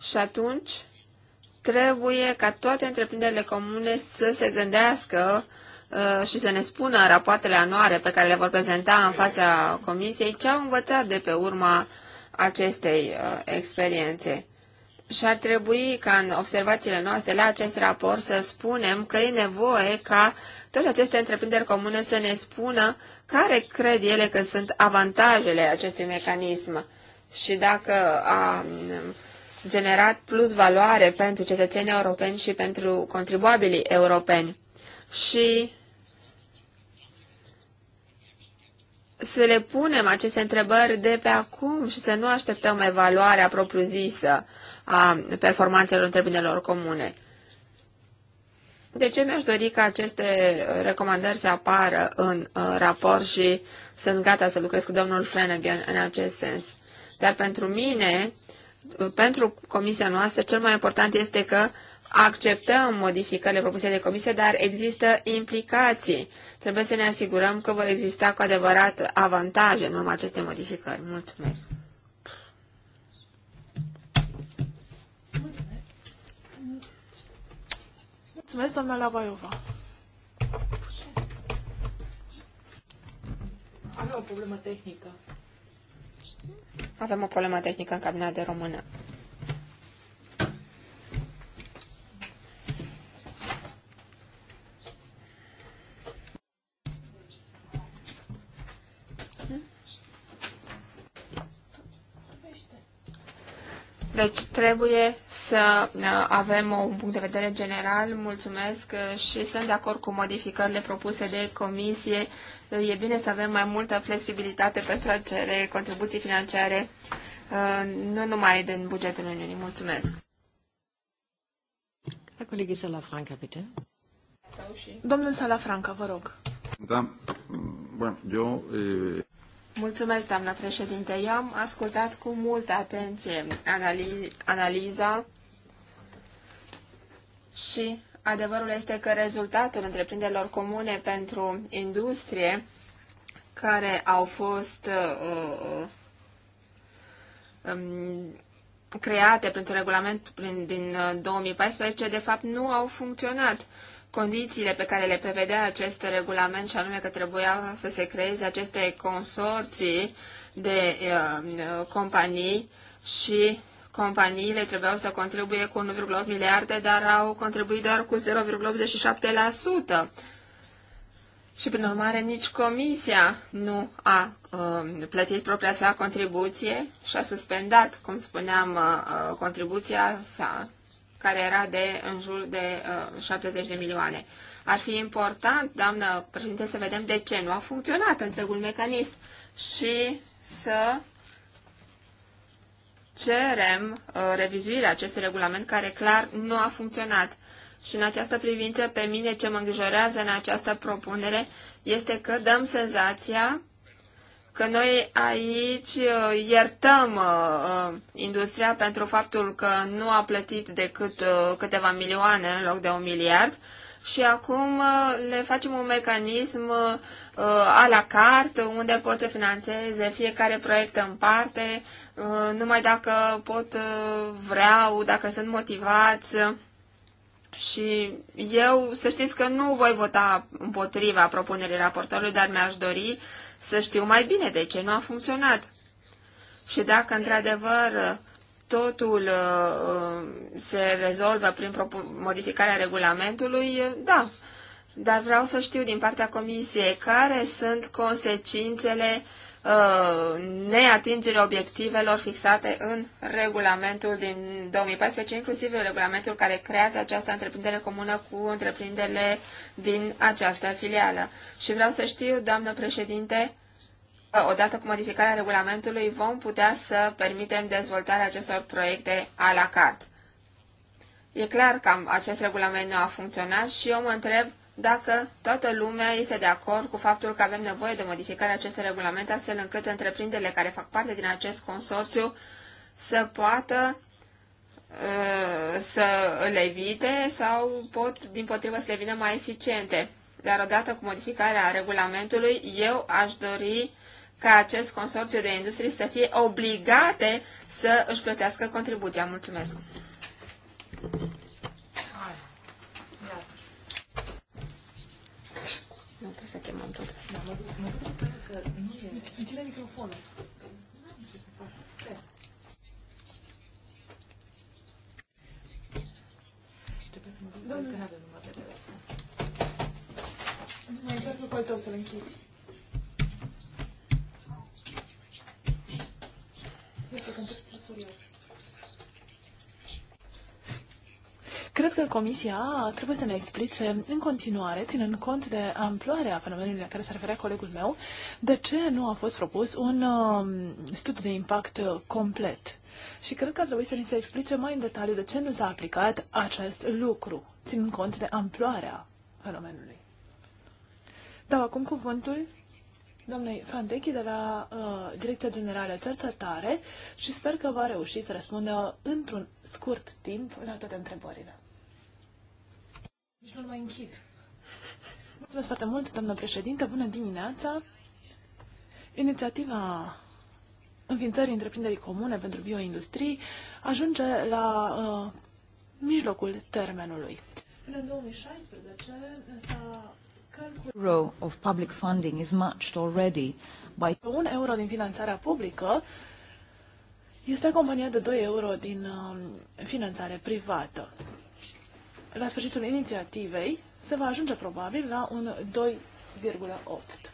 Și atunci trebuie ca toate întreprinderile comune să se gândească Uh, și să ne spună rapoartele anuare pe care le vor prezenta în fața comisiei ce au învățat de pe urma acestei uh, experiențe. Și ar trebui ca în observațiile noastre la acest raport să spunem că e nevoie ca toate aceste întreprinderi comune să ne spună care cred ele că sunt avantajele acestui mecanism și dacă a um, generat plus valoare pentru cetățenii europeni și pentru contribuabilii europeni. Și să le punem aceste întrebări de pe acum și să nu așteptăm evaluarea propriu-zisă a performanțelor întreprinderilor comune. De ce mi-aș dori ca aceste recomandări să apară în uh, raport și sunt gata să lucrez cu domnul Flanagan în acest sens? Dar pentru mine, uh, pentru comisia noastră, cel mai important este că uh, acceptăm modificările propuse de comisie, dar există implicații. Trebuie să ne asigurăm că vor exista cu adevărat avantaje în urma acestei modificări. Mulțumesc! Mulțumesc, doamna Labaiova. Avem o problemă tehnică. Avem o problemă tehnică în cabina de română. Deci trebuie să uh, avem un punct de vedere general, mulțumesc uh, și sunt de acord cu modificările propuse de comisie. Uh, e bine să avem mai multă flexibilitate pentru a cere contribuții financiare, nu numai din bugetul Uniunii. Mulțumesc. Colegii Salafranca, bitte. Domnul Salafranca, vă rog. Da, bun, eu... Mulțumesc, doamna președinte. Eu am ascultat cu multă atenție analiz analiza și adevărul este că rezultatul întreprinderilor comune pentru industrie care au fost uh, uh, um, create printr-un regulament prin, din 2014, uh, de fapt nu au funcționat. Uh, condițiile pe care le prevedea acest regulament și anume că trebuia să se creeze aceste consorții de uh, companii și companiile trebuiau să contribuie cu 1,8 miliarde, dar au contribuit doar cu 0,87%. Și prin urmare nici comisia nu a uh, plătit propria sa contribuție și a suspendat, cum spuneam, uh, uh contribuția sa care era de în jur de uh, 70 de milioane. Ar fi important, doamnă președinte, să vedem de ce nu a funcționat întregul mecanism și să cerem uh, revizuirea acestui regulament care clar nu a funcționat. Și în această privință, pe mine ce mă îngrijorează în această propunere este că dăm senzația că noi aici uh, iertăm uh, uh, industria pentru faptul că nu a plătit decât câteva milioane în loc de un miliard și acum le facem un mecanism a la carte unde pot să financeze fiecare proiect în parte, numai dacă pot, vreau, dacă sunt motivați. Și eu, să știți că nu voi vota împotriva propunerii raportorului, dar mi-aș dori să știu mai bine de ce nu a funcționat. Și dacă într-adevăr totul uh, uh, se rezolvă prin modificarea regulamentului, uh, da. Dar vreau să știu din partea comisiei care sunt consecințele uh, Uh, neatingerea obiectivelor fixate în regulamentul din 2014, inclusiv regulamentul care creează această întreprindere comună cu întreprinderile din această filială. Și vreau să știu, doamnă președinte, uh, odată cu modificarea regulamentului vom putea să permitem dezvoltarea acestor proiecte a la carte. E clar că acest regulament nu a funcționat și eu mă întreb dacă toată lumea este de acord cu faptul că avem nevoie de modificarea acestui regulament, astfel încât întreprinderile care fac parte din acest consorțiu să poată uh, să le evite sau pot, din potrivă, să le vină mai eficiente. Dar odată cu modificarea regulamentului, eu aș dori ca acest consorțiu de industrie să fie obligate să își plătească contribuția. Mulțumesc! să chemăm tot. Da, mă duc, mă duc că nu e. Închide microfonul. Trebuie să mă duc, că nu avem număr de telefon. Mai încerc locul tău să-l închizi. Este că-mi trebuie să Cred că Comisia trebuie să ne explice în continuare, ținând cont de amploarea fenomenului la care se referea colegul meu, de ce nu a fost propus un um, studiu de impact complet. Și cred că ar trebui să ni se explice mai în detaliu de ce nu s-a aplicat acest lucru, ținând cont de amploarea fenomenului. Dau acum cuvântul doamnei Fandechi de la uh, Direcția Generală Cercetare și sper că va reuși să răspundă într-un scurt timp la toate întrebările. Nici nu mai închid. Mulțumesc foarte mult, doamnă președintă, Bună dimineața. Inițiativa înființării întreprinderii comune pentru bioindustrii ajunge la uh, mijlocul termenului. Până în 2016 s-a calculat... of public funding is matched already by... Un euro din finanțarea publică este acompaniat de 2 euro din uh, finanțare privată la sfârșitul inițiativei se va ajunge probabil la un 2,8.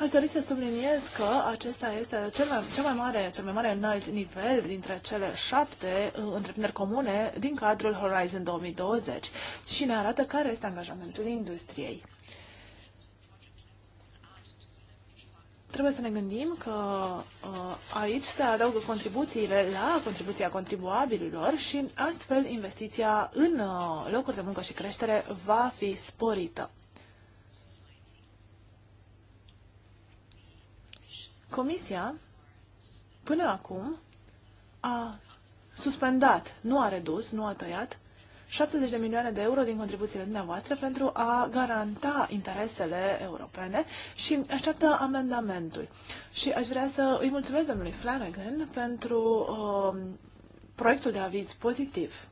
Aș dori să subliniez că acesta este cel mai, cel mai mare, cel mai mare înalt nivel dintre cele șapte uh, întreprinderi comune din cadrul Horizon 2020 și ne arată care este angajamentul industriei. Trebuie să ne gândim că uh, aici se adaugă contribuțiile la contribuția contribuabililor și astfel investiția în uh, locuri de muncă și creștere va fi sporită. Comisia, până acum, a suspendat, nu a redus, nu a tăiat 70 de milioane de euro din contribuțiile dumneavoastră pentru a garanta interesele europene și așteaptă amendamentul. Și aș vrea să îi mulțumesc domnului Flanagan pentru uh, proiectul de aviz pozitiv.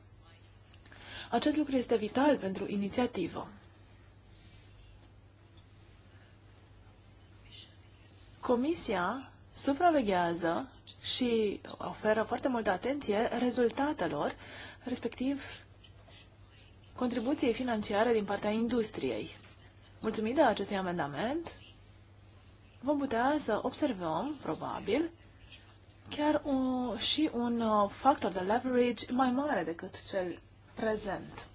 Acest lucru este vital pentru inițiativă. Comisia supraveghează și oferă foarte multă atenție rezultatelor, respectiv contribuției financiare din partea industriei. Mulțumită acestui amendament, vom putea să observăm, probabil, chiar un, și un uh, factor de leverage mai mare decât cel prezent.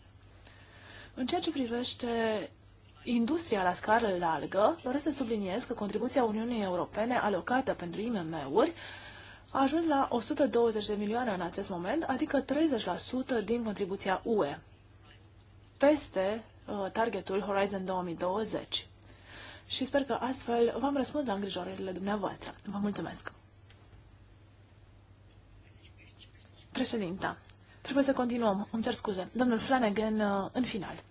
În ceea ce privește industria la scară largă, doresc să subliniez că contribuția Uniunii Europene alocată pentru IMM-uri a ajuns la 120 de milioane în acest moment, adică 30% din contribuția UE peste uh, targetul Horizon 2020. Și sper că astfel v-am răspuns la îngrijorările dumneavoastră. Vă mulțumesc! Președinta, trebuie să continuăm. Îmi cer scuze. Domnul Flanagan, uh, în final.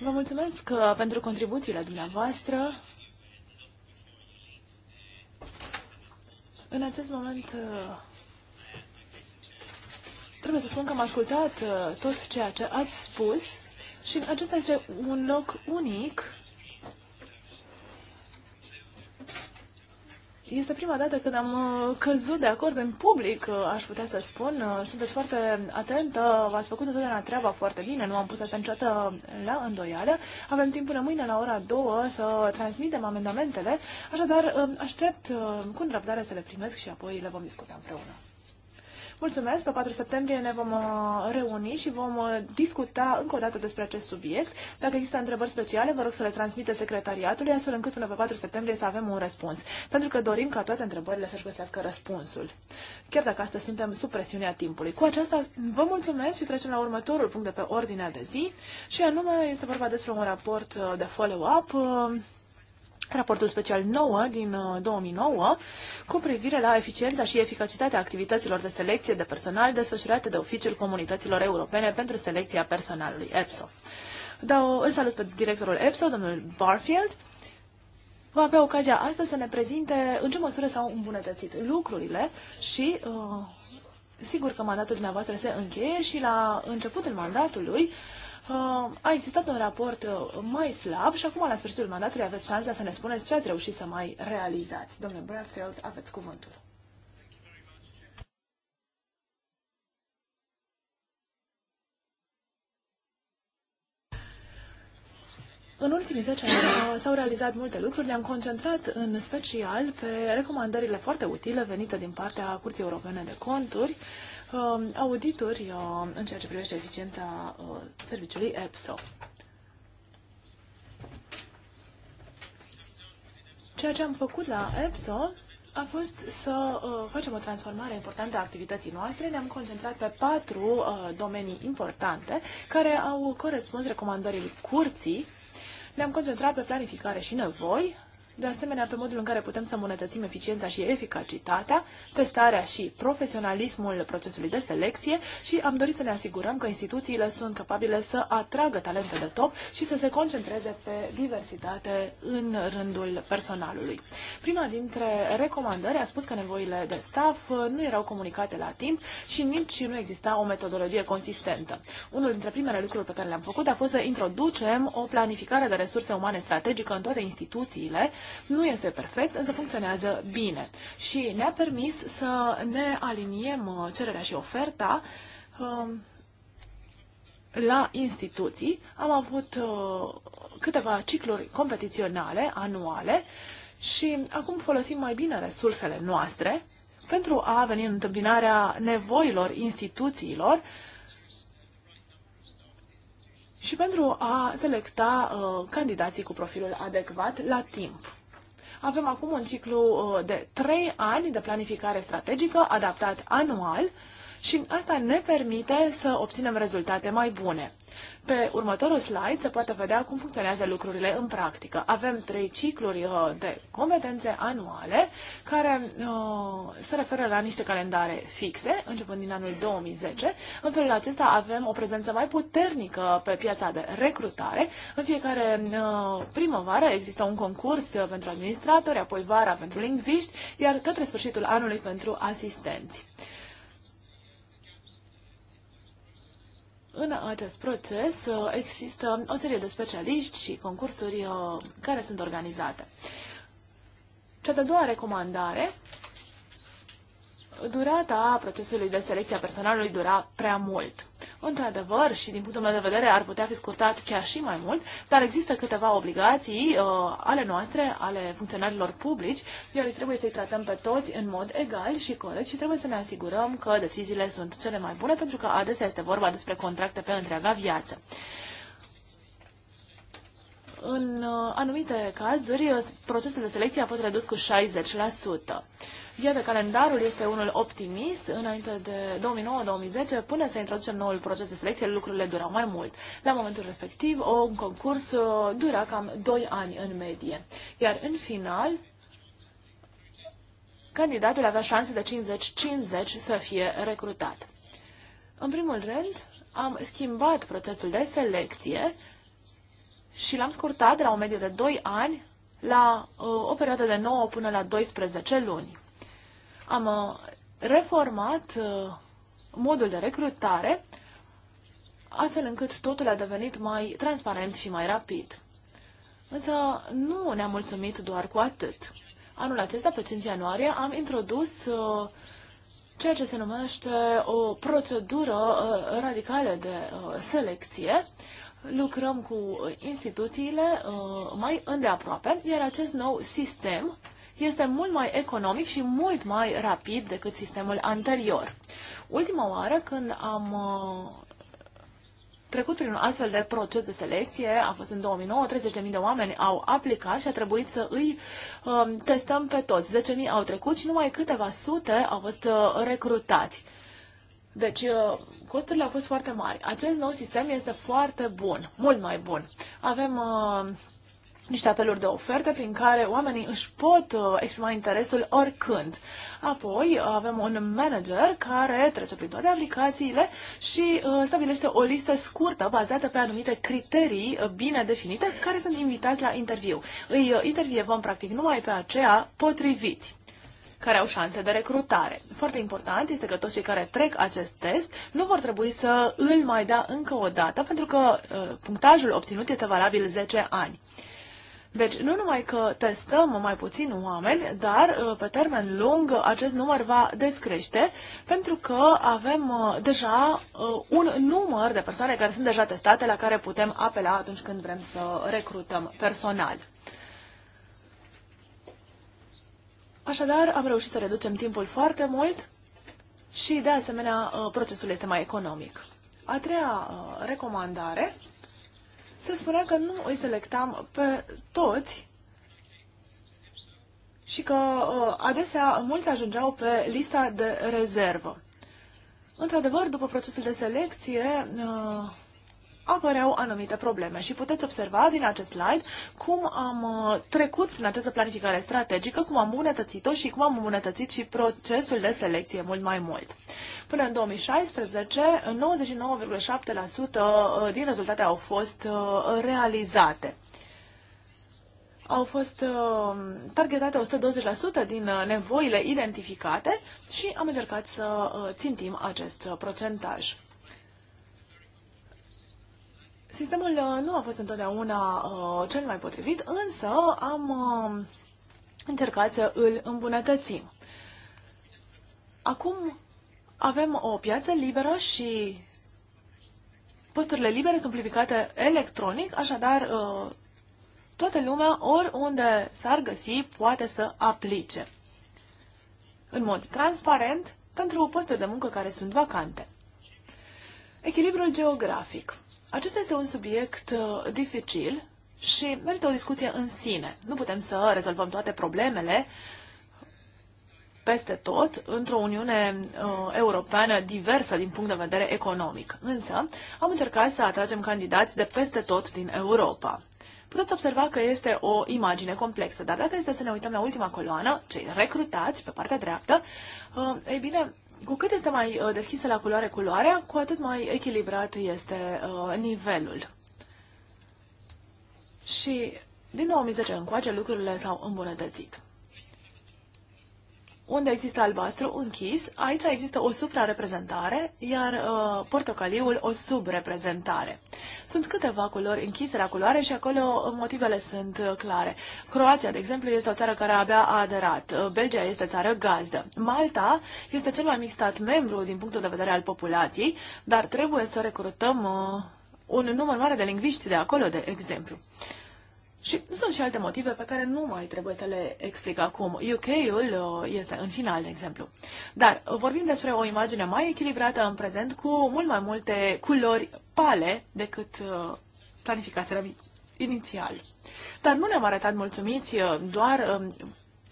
Vă mulțumesc uh, pentru contribuțiile dumneavoastră. În acest moment... Uh, Trebuie să spun că am ascultat uh, tot ceea ce ați spus și acesta este un loc unic. Este prima dată când am uh, căzut de acord în public, uh, aș putea să spun. Sunteți foarte atentă, v-ați făcut întotdeauna treaba foarte bine, nu am pus asta niciodată la îndoială. Avem timp până mâine la ora 2 să transmitem amendamentele, așadar aștept cu nerăbdare să le primesc și apoi le vom discuta împreună. Mulțumesc! Pe 4 septembrie ne vom uh, reuni și vom uh, discuta încă o dată despre acest subiect. Dacă există întrebări speciale, vă rog să le transmite secretariatului, astfel încât până pe 4 septembrie să avem un răspuns. Pentru că dorim ca toate întrebările să-și găsească răspunsul. Chiar dacă astăzi suntem sub presiunea timpului. Cu aceasta vă mulțumesc și trecem la următorul punct de pe ordinea de zi și anume este vorba despre un raport uh, de follow-up raportul special 9 din 2009 uh, cu privire la eficiența și eficacitatea activităților de selecție de personal desfășurate de Oficiul Comunităților Europene pentru selecția personalului EPSO. Dau, îl salut pe directorul EPSO, domnul Barfield. Va avea ocazia astăzi să ne prezinte în ce măsură s-au îmbunătățit lucrurile și uh, sigur că mandatul dumneavoastră se încheie și la începutul mandatului uh, Uh, a existat un raport uh, mai slab și acum, la sfârșitul mandatului, aveți șansa să ne spuneți ce ați reușit să mai realizați. Domnule Bradfield, aveți cuvântul. În ultimii 10 ani uh, s-au realizat multe lucruri. Ne-am concentrat în special pe recomandările foarte utile venite din partea Curții Europene de Conturi Um, auditori uh, în ceea ce privește eficiența uh, serviciului EPSO. Ceea ce am făcut la EPSO a fost să uh, facem o transformare importantă a activității noastre. Ne-am concentrat pe patru domenii importante care au corespuns recomandării curții. Ne-am concentrat pe planificare și nevoi, de asemenea pe modul în care putem să îmbunătățim eficiența și eficacitatea, testarea și profesionalismul procesului de selecție și am dorit să ne asigurăm că instituțiile sunt capabile să atragă talente de top și să se concentreze pe diversitate în rândul personalului. Prima dintre recomandări a spus că nevoile de staff nu erau comunicate la timp și nici nu exista o metodologie consistentă. Unul dintre primele lucruri pe care le-am făcut a fost să introducem o planificare de resurse umane strategică în toate instituțiile, nu este perfect, însă funcționează bine și ne-a permis să ne aliniem uh, cererea și oferta um, la instituții. Am avut uh, câteva cicluri competiționale anuale și acum folosim mai bine resursele noastre pentru a veni în întâmpinarea nevoilor instituțiilor și pentru a selecta uh, candidații cu profilul adecvat la timp. Avem acum un ciclu uh, de trei ani de planificare strategică adaptat anual și asta ne permite să obținem rezultate mai bune. Pe următorul slide se poate vedea cum funcționează lucrurile în practică. Avem trei cicluri uh, de competențe anuale care uh, se referă la niște calendare fixe, începând din anul 2010. În felul acesta avem o prezență mai puternică pe piața de recrutare. În fiecare uh, primăvară există un concurs pentru administratori, apoi vara pentru lingviști, iar către sfârșitul anului pentru asistenți. În acest proces uh, există o serie de specialiști și concursuri uh, care sunt organizate. Cea de-a doua recomandare, durata procesului de selecție a personalului dura prea mult. Într-adevăr, și din punctul meu de vedere, ar putea fi scurtat chiar și mai mult, dar există câteva obligații uh, ale noastre, ale funcționarilor publici, iar trebuie să-i tratăm pe toți în mod egal și corect și trebuie să ne asigurăm că deciziile sunt cele mai bune, pentru că adesea este vorba despre contracte pe întreaga viață. În uh, anumite cazuri, uh, procesul de selecție a fost redus cu 60%. Iată, calendarul este unul optimist. Înainte de 2009-2010, până să introducem noul proces de selecție, lucrurile durau mai mult. La momentul respectiv, un concurs uh, dura cam 2 ani în medie. Iar în final, candidatul avea șanse de 50-50 să fie recrutat. În primul rând, am schimbat procesul de selecție și l-am scurtat de la o medie de 2 ani la uh, o perioadă de 9 până la 12 luni. Am uh, reformat uh, modul de recrutare astfel încât totul a devenit mai transparent și mai rapid. Însă nu ne-am mulțumit doar cu atât. Anul acesta, pe 5 ianuarie, am introdus uh, ceea ce se numește o procedură radicală de selecție. Lucrăm cu instituțiile mai îndeaproape, iar acest nou sistem este mult mai economic și mult mai rapid decât sistemul anterior. Ultima oară când am uh, trecut prin un astfel de proces de selecție, a fost în 2009, 30.000 de oameni au aplicat și a trebuit să îi um, testăm pe toți. 10.000 au trecut și numai câteva sute au fost uh, recrutați. Deci uh, costurile au fost foarte mari. Acest nou sistem este foarte bun, mult mai bun. Avem uh, niște apeluri de ofertă prin care oamenii își pot uh, exprima interesul oricând. Apoi uh, avem un manager care trece prin toate aplicațiile și uh, stabilește o listă scurtă bazată pe anumite criterii bine definite care sunt invitați la interviu. Îi intervievăm practic numai pe aceia potriviți care au șanse de recrutare. Foarte important este că toți cei care trec acest test nu vor trebui să îl mai dea încă o dată, pentru că punctajul obținut este valabil 10 ani. Deci nu numai că testăm mai puțin oameni, dar uh, pe termen lung acest număr va descrește pentru că avem uh, deja uh, un număr de persoane care sunt deja testate la care putem apela atunci când vrem să recrutăm personal. Așadar, am reușit să reducem timpul foarte mult și, de asemenea, procesul este mai economic. A treia recomandare se spunea că nu îi selectam pe toți și că uh, adesea mulți ajungeau pe lista de rezervă. Într-adevăr, după procesul de selecție, uh, apăreau anumite probleme și puteți observa din acest slide cum am uh, trecut prin această planificare strategică, cum am îmbunătățit-o și cum am îmbunătățit și procesul de selecție mult mai mult. Până în 2016, 99,7% uh, din rezultate au fost uh, realizate au fost targetate 120% din nevoile identificate și am încercat să țintim acest procentaj. Sistemul uh, nu a fost întotdeauna uh, cel mai potrivit, însă am uh, încercat să îl îmbunătățim. Acum avem o piață liberă și posturile libere sunt publicate electronic, așadar toată lumea, oriunde s-ar găsi, poate să aplice în mod transparent pentru posturi de muncă care sunt vacante. Echilibrul geografic. Acesta este un subiect uh, dificil și merită o discuție în sine. Nu putem să rezolvăm toate problemele peste tot într-o Uniune uh, Europeană diversă din punct de vedere economic. Însă, am încercat să atragem candidați de peste tot din Europa. Puteți observa că este o imagine complexă, dar dacă este să ne uităm la ultima coloană, cei recrutați pe partea dreaptă, uh, ei bine, cu cât este mai uh, deschisă la culoare culoarea, cu atât mai echilibrat este uh, nivelul. Și din 2010 încoace lucrurile s-au îmbunătățit unde există albastru închis, aici există o suprareprezentare, iar uh, portocaliul o subreprezentare. Sunt câteva culori închise la culoare și acolo uh, motivele sunt uh, clare. Croația, de exemplu, este o țară care abia a aderat. Uh, Belgia este țară gazdă. Malta este cel mai mic stat membru din punctul de vedere al populației, dar trebuie să recrutăm uh, un număr mare de lingviști de acolo, de exemplu. Uh, și sunt și alte motive pe care nu mai trebuie să le explic acum. UK-ul uh, este în final, de exemplu. Dar vorbim despre o imagine mai echilibrată în prezent, cu mult mai multe culori pale decât uh, planificaseră inițial. Dar nu ne-am arătat mulțumiți uh, doar um,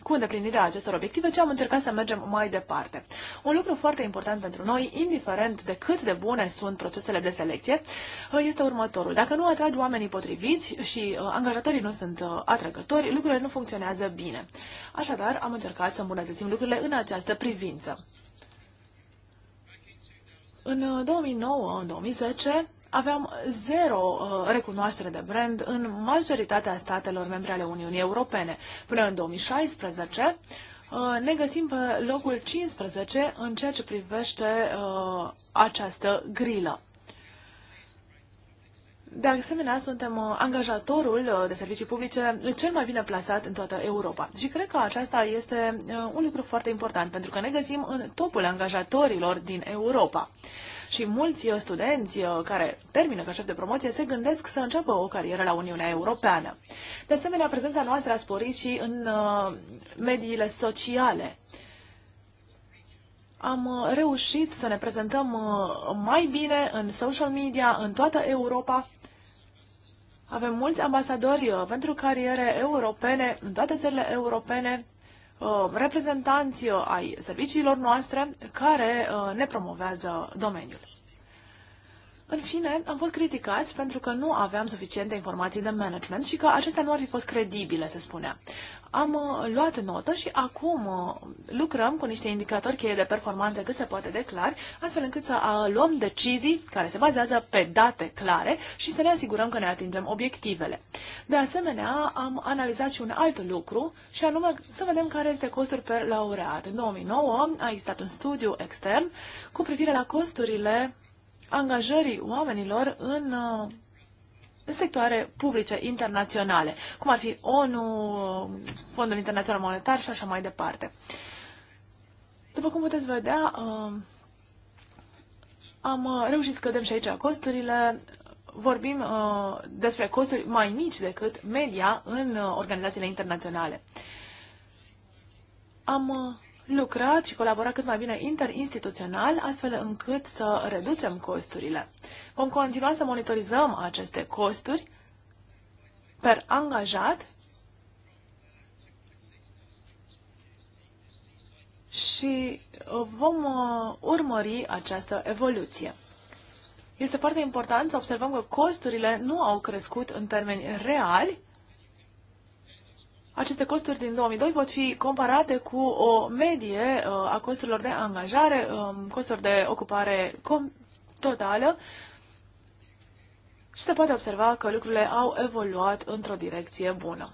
cu îndeplinirea acestor obiective, ci am încercat să mergem mai departe. Un lucru foarte important pentru noi, indiferent de cât de bune sunt procesele de selecție, este următorul. Dacă nu atragi oamenii potriviți și uh, angajatorii nu sunt uh, atrăgători, lucrurile nu funcționează bine. Așadar, am încercat să îmbunătățim lucrurile în această privință. În 2009-2010 uh, aveam zero uh, recunoaștere de brand în majoritatea statelor membre ale Uniunii Europene. Până în 2016 uh, ne găsim pe locul 15 în ceea ce privește uh, această grilă. De asemenea, suntem uh, angajatorul uh, de servicii publice uh, cel mai bine plasat în toată Europa. Și cred că aceasta este un lucru foarte important, pentru că ne găsim în topul angajatorilor din Europa. Și mulți studenți care termină ca șef de promoție se gândesc să înceapă o carieră la Uniunea Europeană. De asemenea, prezența noastră a sporit și în mediile sociale am reușit să ne prezentăm mai bine în social media, în toată Europa avem mulți ambasadori uh, pentru cariere europene în toate țările europene, uh, reprezentanți uh, ai serviciilor noastre care ne promovează domeniul. În fine, am fost criticați pentru că nu aveam suficiente informații de management și că acestea nu ar fi fost credibile, se spunea. Am uh, luat notă și acum uh, lucrăm cu niște indicatori cheie de performanță cât se poate de clar, astfel încât să uh, luăm decizii care se bazează pe date clare și să ne asigurăm că ne atingem obiectivele. De asemenea, am analizat și un alt lucru și anume să vedem care este costul per laureat. În 2009 a existat un studiu extern cu privire la costurile angajării oamenilor în uh, în sectoare publice internaționale, cum ar fi ONU, Fondul Internațional Monetar și așa mai departe. După cum puteți vedea, uh, am uh, reușit să scădem și aici costurile. Vorbim despre costuri mai mici decât media în organizațiile internaționale. Am lucrat și colaborat cât mai bine interinstituțional, astfel încât să reducem costurile. Vom continua să monitorizăm aceste costuri per angajat și uh, vom uh, urmări această evoluție. Este foarte important să observăm că costurile nu au crescut în termeni reali, aceste costuri din 2002 pot fi comparate cu o medie uh, a costurilor de angajare, um, costuri de ocupare totală și se poate observa că lucrurile au evoluat într-o direcție bună.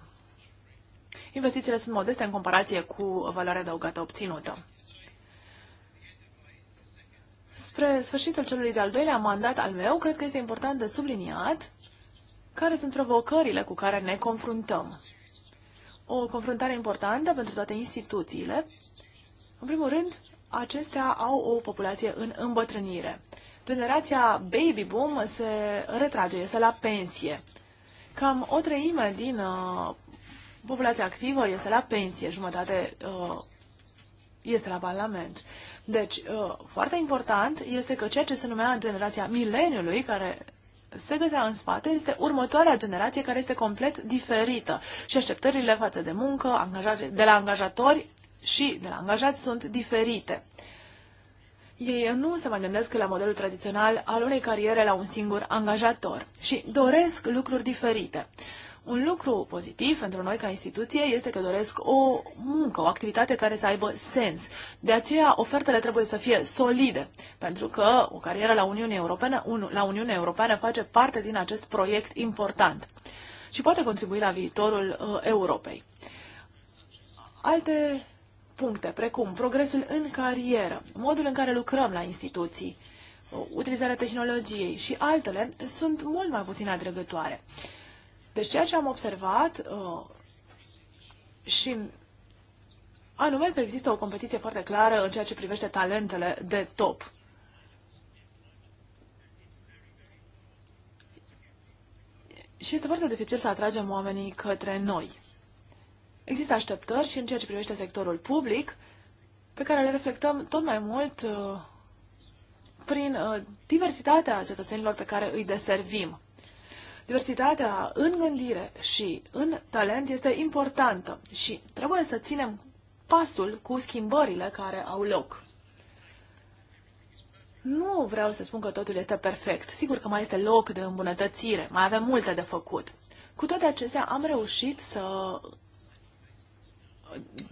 Investițiile sunt modeste în comparație cu valoarea adăugată obținută. Spre sfârșitul celui de-al doilea mandat al meu, cred că este important de subliniat care sunt provocările cu care ne confruntăm o confruntare importantă pentru toate instituțiile. În primul rând, acestea au o populație în îmbătrânire. Generația baby boom se retrage, este la pensie. Cam o treime din uh, populația activă este la pensie, jumătate uh, este la Parlament. Deci, uh, foarte important este că ceea ce se numea generația mileniului, care se găsea în spate este următoarea generație care este complet diferită și așteptările față de muncă, de la angajatori și de la angajați sunt diferite. Ei nu se mai gândesc la modelul tradițional al unei cariere la un singur angajator și doresc lucruri diferite. Un lucru pozitiv pentru noi ca instituție este că doresc o muncă, o activitate care să aibă sens. De aceea, ofertele trebuie să fie solide, pentru că o carieră la Uniunea Europeană, un, la Uniunea Europeană face parte din acest proiect important și poate contribui la viitorul uh, Europei. Alte puncte, precum progresul în carieră, modul în care lucrăm la instituții, uh, utilizarea tehnologiei și altele, sunt mult mai puțin atrăgătoare. Uh, deci ceea ce am observat uh, și anume că există o competiție foarte clară în ceea ce privește talentele de top. Și este foarte dificil să atragem oamenii către noi. Există așteptări și în ceea ce privește sectorul public, pe care le reflectăm tot mai mult uh, prin uh, diversitatea cetățenilor pe care îi deservim. Diversitatea în gândire și în talent este importantă și trebuie să ținem pasul cu schimbările care au loc. Nu vreau să spun că totul este perfect. Sigur că mai este loc de îmbunătățire, mai avem multe de făcut. Cu toate acestea, am reușit să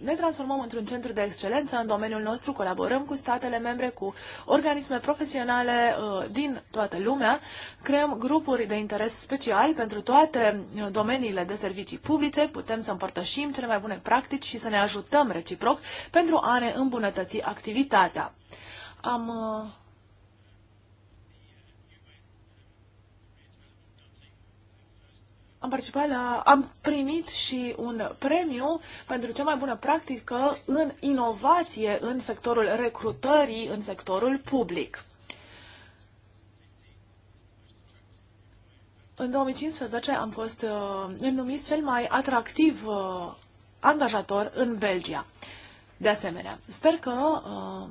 ne transformăm într-un centru de excelență în domeniul nostru, colaborăm cu statele membre, cu organisme profesionale uh, din toată lumea, creăm grupuri de interes special pentru toate uh, domeniile de servicii publice, putem să împărtășim cele mai bune practici și să ne ajutăm reciproc pentru a ne îmbunătăți activitatea. Am uh, am participat la, am primit și un premiu pentru cea mai bună practică în inovație în sectorul recrutării, în sectorul public. În 2015 am fost uh, numit cel mai atractiv uh, angajator în Belgia. De asemenea, sper că uh,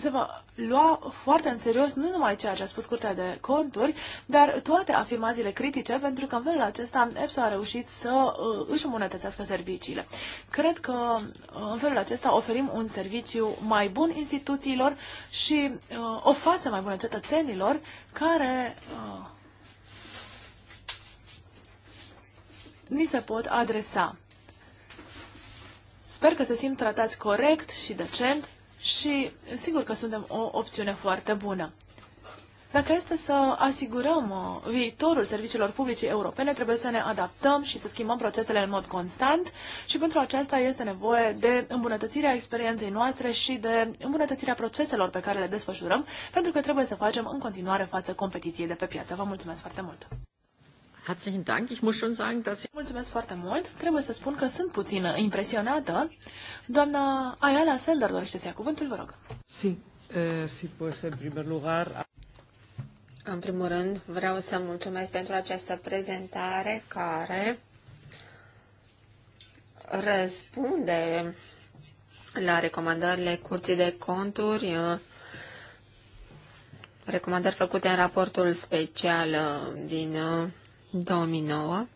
se va lua foarte în serios nu numai ceea ce a spus Curtea de Conturi, dar toate afirmațiile critice, pentru că în felul acesta EPSO a reușit să uh, își îmbunătățească serviciile. Cred că uh, în felul acesta oferim un serviciu mai bun instituțiilor și uh, o față mai bună cetățenilor care uh, ni se pot adresa. Sper că se simt tratați corect și decent și sigur că suntem o opțiune foarte bună. Dacă este să asigurăm uh, viitorul serviciilor publice europene, trebuie să ne adaptăm și să schimbăm procesele în mod constant și pentru aceasta este nevoie de îmbunătățirea experienței noastre și de îmbunătățirea proceselor pe care le desfășurăm, pentru că trebuie să facem în continuare față competiției de pe piață. Vă mulțumesc foarte mult! Herzlichen Dank. Ich muss schon sagen, dass... Mulțumesc foarte mult. Trebuie să spun că sunt puțin impresionată. Doamna Ayala Sender dorește să ia cuvântul, vă rog. Si, eh, si, pues, în primul lugar... În primul rând, vreau să mulțumesc pentru această prezentare care răspunde la recomandările Curții de Conturi, eh, recomandări făcute în raportul special eh, din 2009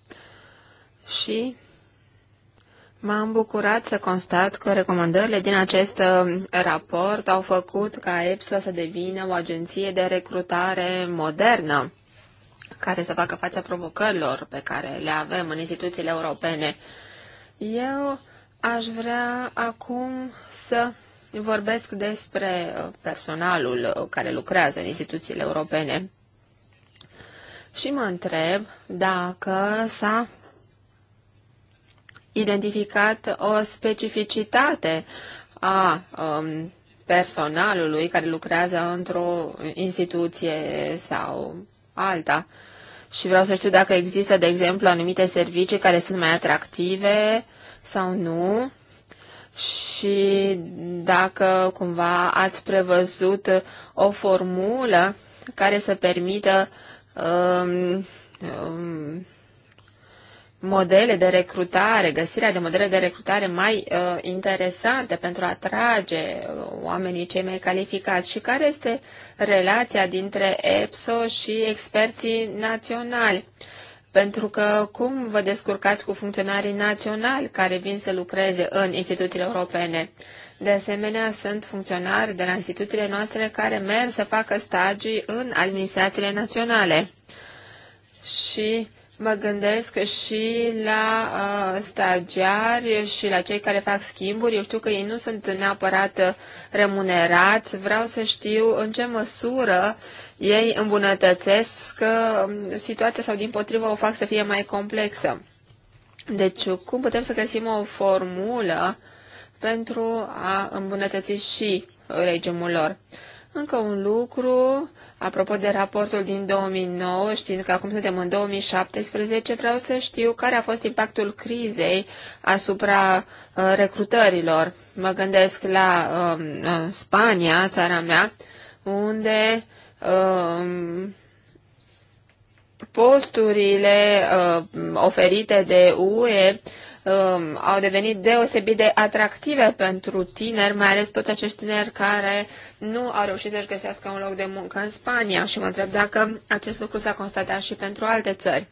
și m-am bucurat să constat că recomandările din acest uh, raport au făcut ca EPSO să devină o agenție de recrutare modernă care să facă fața provocărilor pe care le avem în instituțiile europene. Eu aș vrea acum să vorbesc despre uh, personalul uh, care lucrează în instituțiile europene și mă întreb dacă s-a identificat o specificitate a um, personalului care lucrează într-o instituție sau alta. Și vreau să știu dacă există, de exemplu, anumite servicii care sunt mai atractive sau nu și dacă cumva ați prevăzut o formulă care să permită uh, um, um, modele de recrutare, găsirea de modele de recrutare mai uh, interesante pentru a atrage oamenii cei mai calificați și care este relația dintre EPSO și experții naționali. Pentru că cum vă descurcați cu funcționarii naționali care vin să lucreze în instituțiile europene? De asemenea, sunt funcționari de la instituțiile noastre care merg să facă stagii în administrațiile naționale. Și mă gândesc și la uh, stagiari și la cei care fac schimburi. Eu știu că ei nu sunt neapărat remunerați. Vreau să știu în ce măsură ei îmbunătățesc că um, situația sau din potrivă o fac să fie mai complexă. Deci, cum putem să găsim o formulă pentru a îmbunătăți și regimul lor. Încă un lucru, apropo de raportul din 2009, știind că acum suntem în 2017, vreau să știu care a fost impactul crizei asupra uh, recrutărilor. Mă gândesc la um, uh, Spania, țara mea, unde uh, posturile uh, oferite de UE um, au devenit deosebit de atractive pentru tineri, mai ales toți acești tineri care nu au reușit să-și găsească un loc de muncă în Spania și mă întreb dacă acest lucru s-a constatat și pentru alte țări.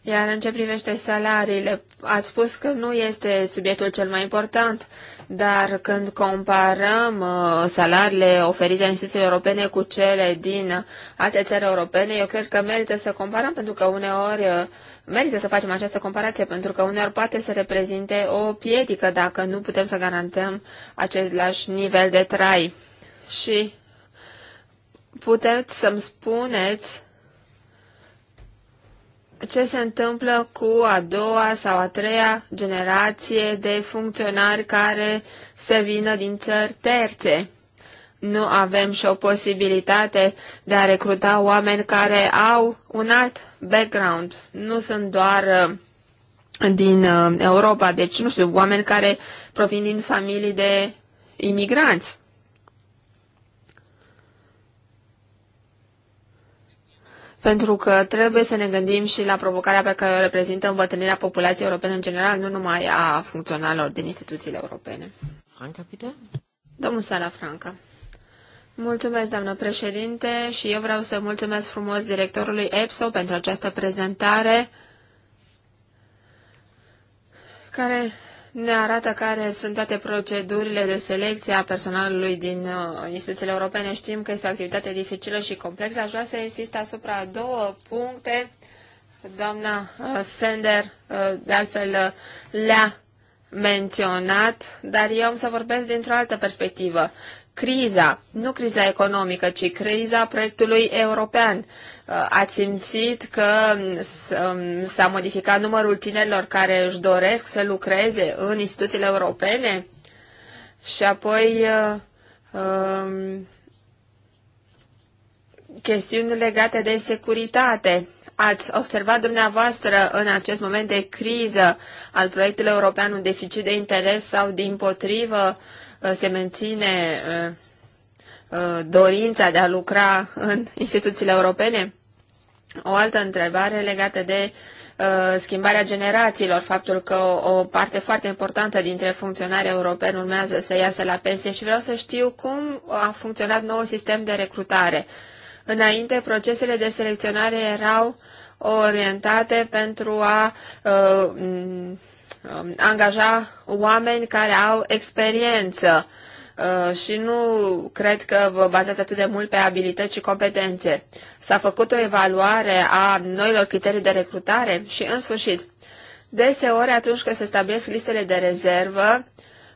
Iar în ce privește salariile, ați spus că nu este subiectul cel mai important, dar când comparăm uh, salariile oferite în instituțiile europene cu cele din alte țări europene, eu cred că merită să comparăm, pentru că uneori uh, Merită să facem această comparație pentru că uneori poate să reprezinte o piedică dacă nu putem să garantăm același nivel de trai. Și puteți să-mi spuneți ce se întâmplă cu a doua sau a treia generație de funcționari care să vină din țări terțe nu avem și o posibilitate de a recruta oameni care au un alt background, nu sunt doar uh, din uh, Europa, deci, nu știu, oameni care provin din familii de imigranți. Pentru că trebuie să ne gândim și la provocarea pe care o reprezintă îmbătrânirea populației europene în general, nu numai a funcționarilor din instituțiile europene. Franca, Peter? Domnul Sala Franca. Mulțumesc, doamnă președinte, și eu vreau să mulțumesc frumos directorului EPSO pentru această prezentare care ne arată care sunt toate procedurile de selecție a personalului din uh, instituțiile europene. Știm că este o activitate dificilă și complexă. Aș vrea să insist asupra două puncte. Doamna uh, Sender, uh, de altfel, le-a menționat, dar eu am să vorbesc dintr-o altă perspectivă criza, nu criza economică, ci criza proiectului european. Uh, ați simțit că um, um, s-a modificat numărul tinerilor care își doresc să lucreze în instituțiile europene? Și apoi uh, um, chestiuni legate de securitate. Ați observat dumneavoastră în acest moment de criză al proiectului european un deficit de interes sau din potrivă uh, Uh, se menține uh, uh, dorința de a lucra în instituțiile europene? O altă întrebare legată de schimbarea generațiilor, faptul că o parte foarte importantă dintre funcționarii europeni urmează să iasă la pensie și vreau să știu cum a funcționat noul sistem de recrutare. Înainte, procesele de selecționare erau orientate pentru a uh, Um, angaja oameni care au experiență uh, și nu cred că vă bazați atât de mult pe abilități și competențe. S-a făcut o evaluare a noilor criterii de recrutare și, în sfârșit, deseori atunci când se stabilesc listele de rezervă,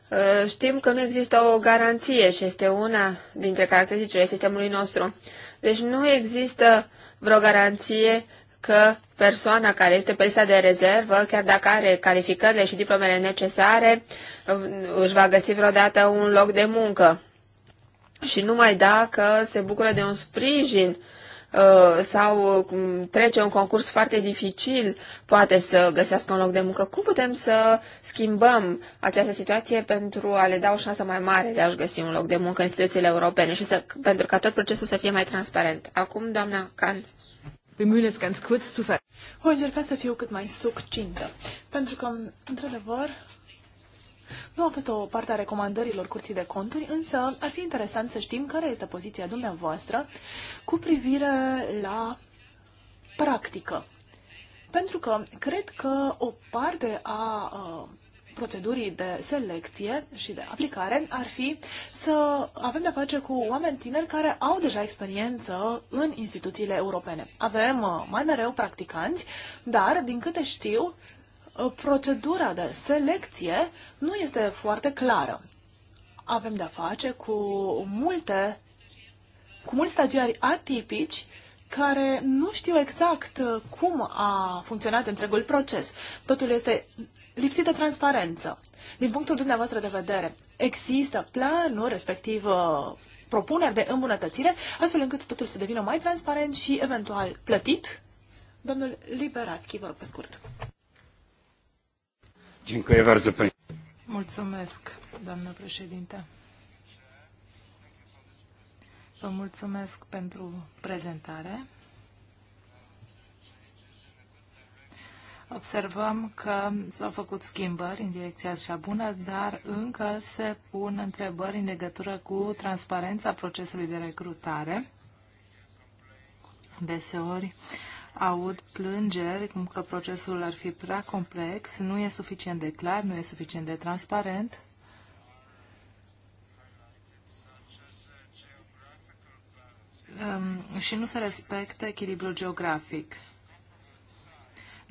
uh, știm că nu există o garanție și este una dintre caracteristicile sistemului nostru. Deci nu există vreo garanție că persoana care este pe lista de rezervă, chiar dacă are calificările și diplomele necesare, își va găsi vreodată un loc de muncă. Și numai dacă se bucură de un sprijin uh, sau um, trece un concurs foarte dificil, poate să găsească un loc de muncă. Cum putem să schimbăm această situație pentru a le da o șansă mai mare de a-și găsi un loc de muncă în instituțiile europene și să, pentru ca tot procesul să fie mai transparent? Acum, doamna Can. Voi încerca să fiu cât mai succintă, pentru că, într-adevăr, nu a fost o parte a recomandărilor Curții de Conturi, însă ar fi interesant să știm care este poziția dumneavoastră cu privire la practică. Pentru că cred că o parte a uh, procedurii de selecție și de aplicare ar fi să avem de-a face cu oameni tineri care au deja experiență în instituțiile europene. Avem uh, mai mereu practicanți, dar, din câte știu, uh, procedura de selecție nu este foarte clară. Avem de-a face cu multe cu mulți stagiari atipici care nu știu exact uh, cum a funcționat întregul proces. Totul este lipsit de transparență. Din punctul dumneavoastră de vedere, există planul respectiv uh, propuneri de îmbunătățire, astfel încât totul să devină mai transparent și eventual plătit? Domnul Liberațchi, vă rog pe scurt. Mulțumesc, doamnă președinte. Vă mulțumesc pentru prezentare. observăm că s-au făcut schimbări în direcția cea bună, dar încă se pun întrebări în legătură cu transparența procesului de recrutare. Deseori aud plângeri cum că procesul ar fi prea complex, nu e suficient de clar, nu e suficient de transparent. Ehm, și nu se respectă echilibrul geografic.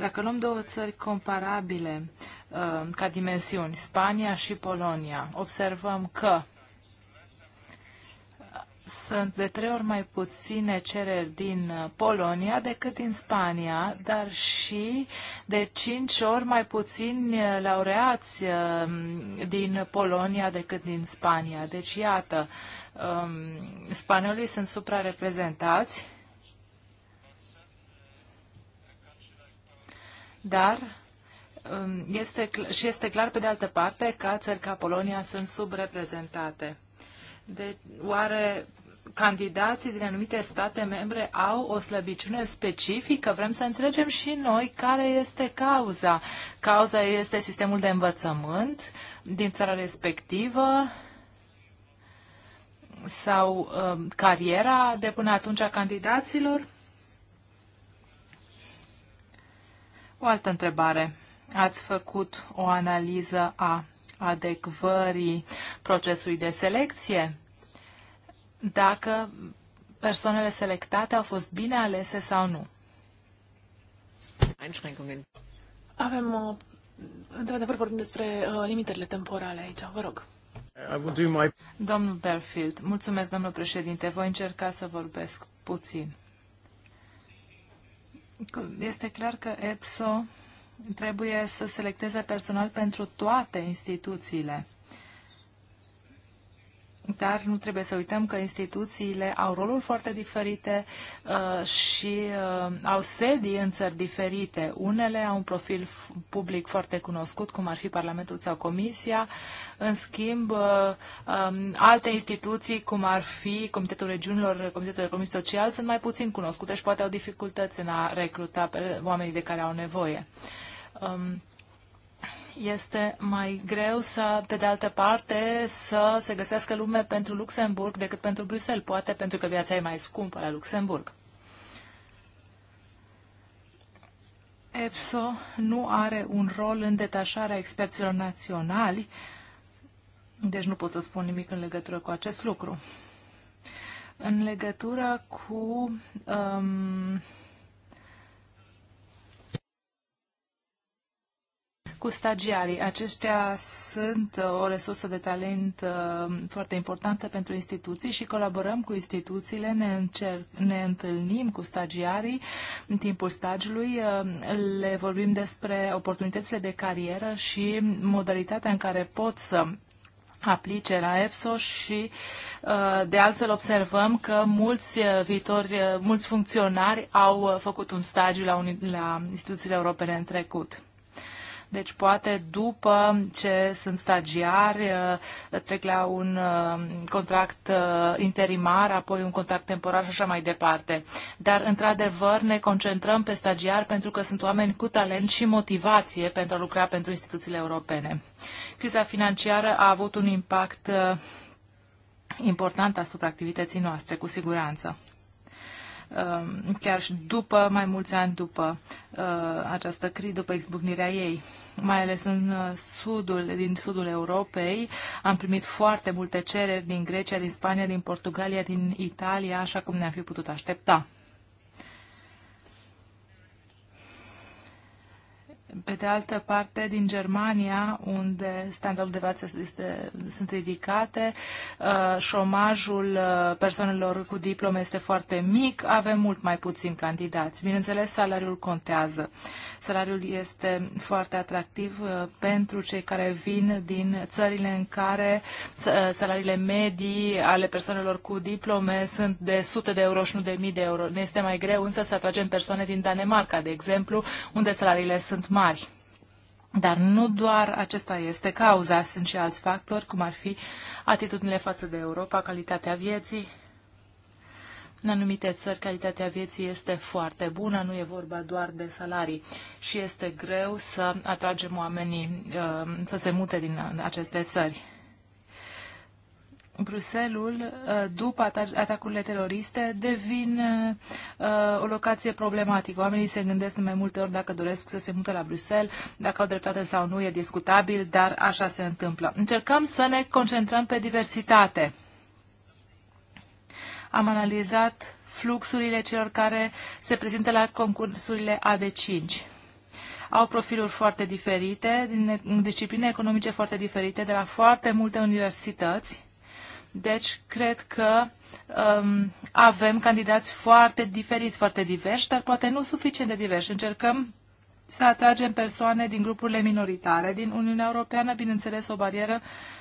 Dacă luăm două țări comparabile uh, ca dimensiuni, Spania și Polonia, observăm că sunt de trei ori mai puține cereri din Polonia decât din Spania, dar și de cinci ori mai puțini laureați uh, din Polonia decât din Spania. Deci, iată, um, spaniolii sunt suprareprezentați dar um, este, și este clar, pe de altă parte, că țări ca Polonia sunt subreprezentate. De, oare candidații din anumite state membre au o slăbiciune specifică? Vrem să înțelegem și noi care este cauza. Cauza este sistemul de învățământ din țara respectivă sau uh, cariera de până atunci a candidaților? O altă întrebare. Ați făcut o analiză a adecvării procesului de selecție? Dacă persoanele selectate au fost bine alese sau nu? Avem o... Uh, într-adevăr vorbim despre uh, limitările temporale aici. Vă rog. Domnul Berfield, mulțumesc, domnul președinte. Voi încerca să vorbesc puțin este clar că EPSO trebuie să selecteze personal pentru toate instituțiile dar nu trebuie să uităm că instituțiile au roluri foarte diferite uh, și uh, au sedii în țări diferite. Unele au un profil public foarte cunoscut, cum ar fi Parlamentul sau Comisia, în schimb uh, um, alte instituții, cum ar fi Comitetul Regiunilor, Comitetul de Comisie Social, sunt mai puțin cunoscute și poate au dificultăți în a recruta pe oamenii de care au nevoie. Um, este mai greu să, pe de altă parte, să se găsească lume pentru Luxemburg decât pentru Bruxelles, poate pentru că viața e mai scumpă la Luxemburg. EPSO nu are un rol în detașarea experților naționali, deci nu pot să spun nimic în legătură cu acest lucru. În legătură cu um, cu stagiarii. Aceștia sunt uh, o resursă de talent uh, foarte importantă pentru instituții și colaborăm cu instituțiile, ne, încerc, ne întâlnim cu stagiarii în timpul stagiului, uh, le vorbim despre oportunitățile de carieră și modalitatea în care pot să aplice la EPSO și de altfel observăm că mulți viitori, mulți funcționari au făcut un stagiu la, un, la instituțiile europene în trecut. Deci poate după ce sunt stagiari uh, trec la un uh, contract uh, interimar, apoi un contract temporar și așa mai departe. Dar într-adevăr ne concentrăm pe stagiari pentru că sunt oameni cu talent și motivație pentru a lucra pentru instituțiile europene. Criza financiară a avut un impact important asupra activității noastre, cu siguranță. Um, chiar și după mai mulți ani după uh, această criză, după izbucnirea ei. Mai ales în uh, sudul, din sudul Europei, am primit foarte multe cereri din Grecia, din Spania, din Portugalia, din Italia, așa cum ne-am fi putut aștepta. Pe de altă parte, din Germania, unde standardul de viață este, sunt ridicate, uh, șomajul uh, persoanelor cu diplome este foarte mic, avem mult mai puțin candidați. Bineînțeles, salariul contează. Salariul este foarte atractiv uh, pentru cei care vin din țările în care salariile medii ale persoanelor cu diplome sunt de sute de euro și nu de mii de euro. Ne este mai greu însă să atragem persoane din Danemarca, de exemplu, unde salariile sunt mari mari. Dar nu doar acesta este cauza, sunt și alți factori, cum ar fi atitudinile față de Europa, calitatea vieții. În anumite țări, calitatea vieții este foarte bună, nu e vorba doar de salarii și este greu să atragem oamenii uh, să se mute din aceste țări. Bruselul, uh, după atacurile teroriste, devin uh, uh, o locație problematică. Oamenii se gândesc de mai multe ori dacă doresc să se mute la Bruxelles, dacă au dreptate sau nu, e discutabil, dar așa se întâmplă. Încercăm să ne concentrăm pe diversitate. Am analizat fluxurile celor care se prezintă la concursurile AD5 au profiluri foarte diferite, din discipline economice foarte diferite, de la foarte multe universități. Deci, cred că um, avem candidați foarte diferiți, foarte diversi, dar poate nu suficient de diversi. Încercăm să atragem persoane din grupurile minoritare din Uniunea Europeană, bineînțeles o barieră uh,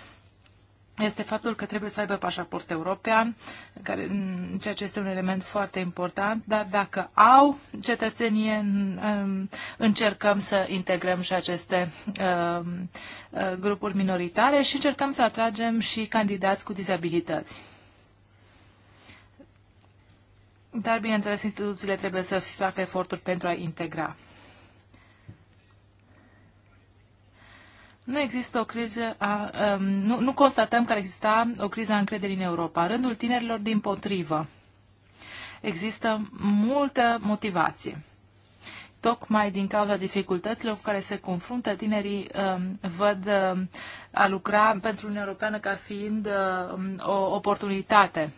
este faptul că trebuie să aibă pașaport european, care, ceea ce este un element foarte important, dar dacă au cetățenie, încercăm să integrăm și aceste um, uh, grupuri minoritare și încercăm să atragem și candidați cu dizabilități. Dar, bineînțeles, instituțiile trebuie să facă eforturi pentru a integra. nu există o criză, a, um, nu, nu constatăm că exista o criză a încrederii în Europa. Rândul tinerilor, din potrivă, există multă motivație. Tocmai din cauza dificultăților cu care se confruntă tinerii, um, văd um, a lucra pentru Uniunea Europeană ca fiind um, o oportunitate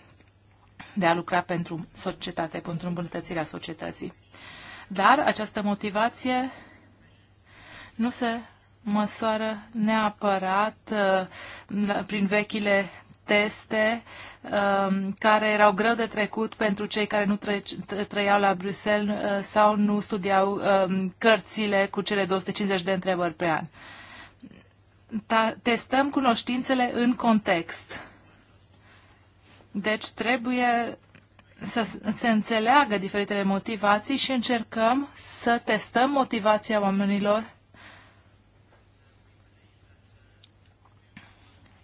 de a lucra pentru societate, pentru îmbunătățirea societății. Dar această motivație nu se măsoară neapărat uh, prin vechile teste um, care erau greu de trecut pentru cei care nu trăiau la Bruxelles uh, sau nu studiau um, cărțile cu cele 250 de întrebări pe an. Testăm cunoștințele în context. Deci trebuie să se înțeleagă diferitele motivații și încercăm să testăm motivația oamenilor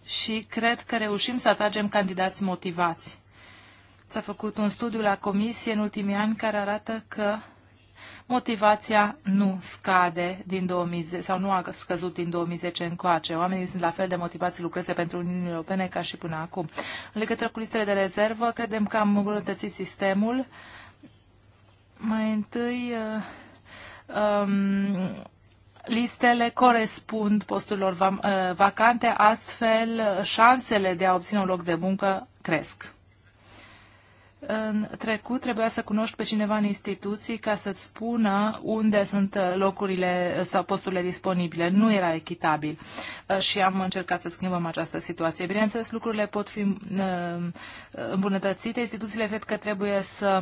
și cred că reușim să atragem candidați motivați. S-a făcut un studiu la comisie în ultimii ani care arată că motivația nu scade din 2010 sau nu a scăzut din 2010 încoace. Oamenii sunt la fel de motivați să lucreze pentru Uniunea Europene ca și până acum. În legătură cu listele de rezervă, credem că am îmbunătățit sistemul. Mai întâi uh, um, listele corespund posturilor uh, vacante, astfel uh, șansele de a obține un loc de muncă cresc. În trecut trebuia să cunoști pe cineva în instituții ca să-ți spună unde sunt uh, locurile sau posturile disponibile. Nu era echitabil și am încercat să schimbăm această situație. Bineînțeles, lucrurile pot fi îmbunătățite. Instituțiile cred că trebuie să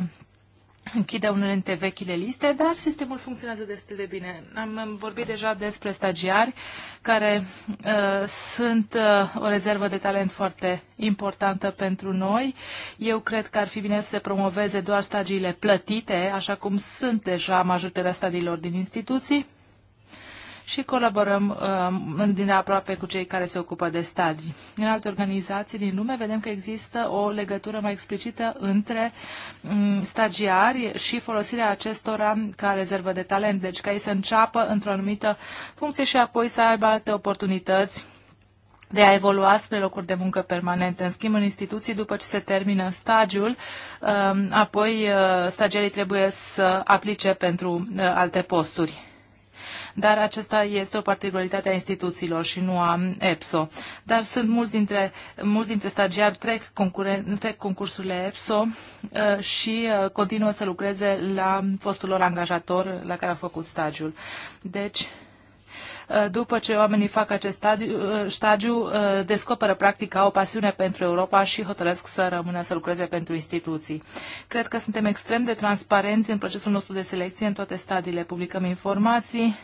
închide unele dintre vechile liste, dar sistemul funcționează destul de bine. Am vorbit deja despre stagiari, care uh, sunt uh, o rezervă de talent foarte importantă pentru noi. Eu cred că ar fi bine să se promoveze doar stagiile plătite, așa cum sunt deja majoritatea stadiilor din instituții și colaborăm uh, din aproape cu cei care se ocupă de stadii. În alte organizații din lume vedem că există o legătură mai explicită între um, stagiari și folosirea acestora ca rezervă de talent, deci ca ei să înceapă într-o anumită funcție și apoi să aibă alte oportunități de a evolua spre locuri de muncă permanente. În schimb, în instituții, după ce se termină stagiul, um, apoi uh, stagiarii trebuie să aplice pentru uh, alte posturi dar acesta este o particularitate a instituțiilor și nu a EPSO. Dar sunt mulți dintre, mulți dintre stagiari trec, trec concursurile EPSO uh, și uh, continuă să lucreze la fostul lor angajator la care au făcut stagiul. Deci, uh, după ce oamenii fac acest stadiu, stagiu, descoperă practic au o pasiune pentru Europa și hotărăsc să rămână să lucreze pentru instituții. Cred că suntem extrem de transparenți în procesul nostru de selecție în toate stadiile. Publicăm informații,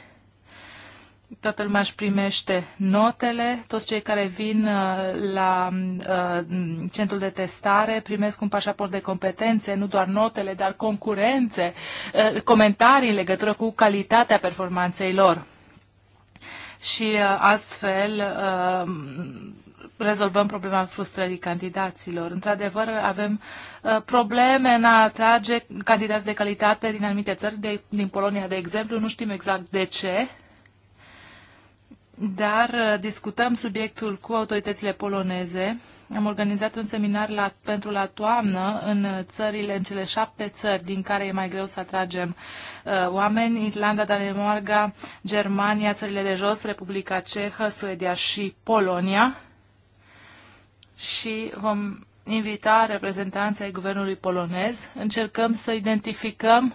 toată lumea își primește notele, toți cei care vin uh, la uh, centrul de testare primesc un pașaport de competențe, nu doar notele, dar concurențe, uh, comentarii în legătură cu calitatea performanței lor. Și astfel rezolvăm problema frustrării candidaților. Într-adevăr, avem probleme în a atrage candidați de calitate din anumite țări, de, din Polonia, de exemplu, nu știm exact de ce, dar uh, discutăm subiectul cu autoritățile poloneze. Am organizat un seminar la, pentru la toamnă în uh, țările, în cele șapte țări din care e mai greu să atragem uh, oameni, Irlanda, Danemarca, Germania, țările de jos, Republica Cehă, Suedia și Polonia. Și vom invita reprezentanții ai guvernului polonez. Încercăm să identificăm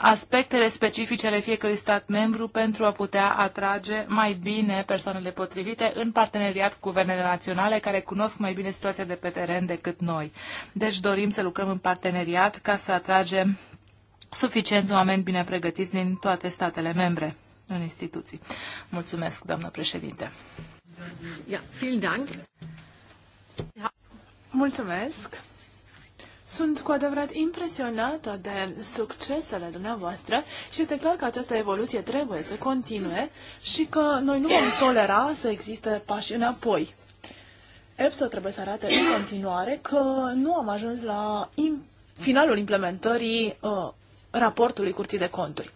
aspectele specifice ale fiecărui stat membru pentru a putea atrage mai bine persoanele potrivite în parteneriat cu guvernele naționale care cunosc mai bine situația de pe teren decât noi. Deci dorim să lucrăm în parteneriat ca să atragem suficienți oameni bine pregătiți din toate statele membre în instituții. Mulțumesc, doamnă președinte. vielen Dank. Mulțumesc. Sunt cu adevărat impresionată de succesele dumneavoastră și este clar că această evoluție trebuie să continue și că noi nu vom tolera să existe pași înapoi. EPSO trebuie să arate în continuare că nu am ajuns la finalul implementării uh, raportului Curții de Conturi.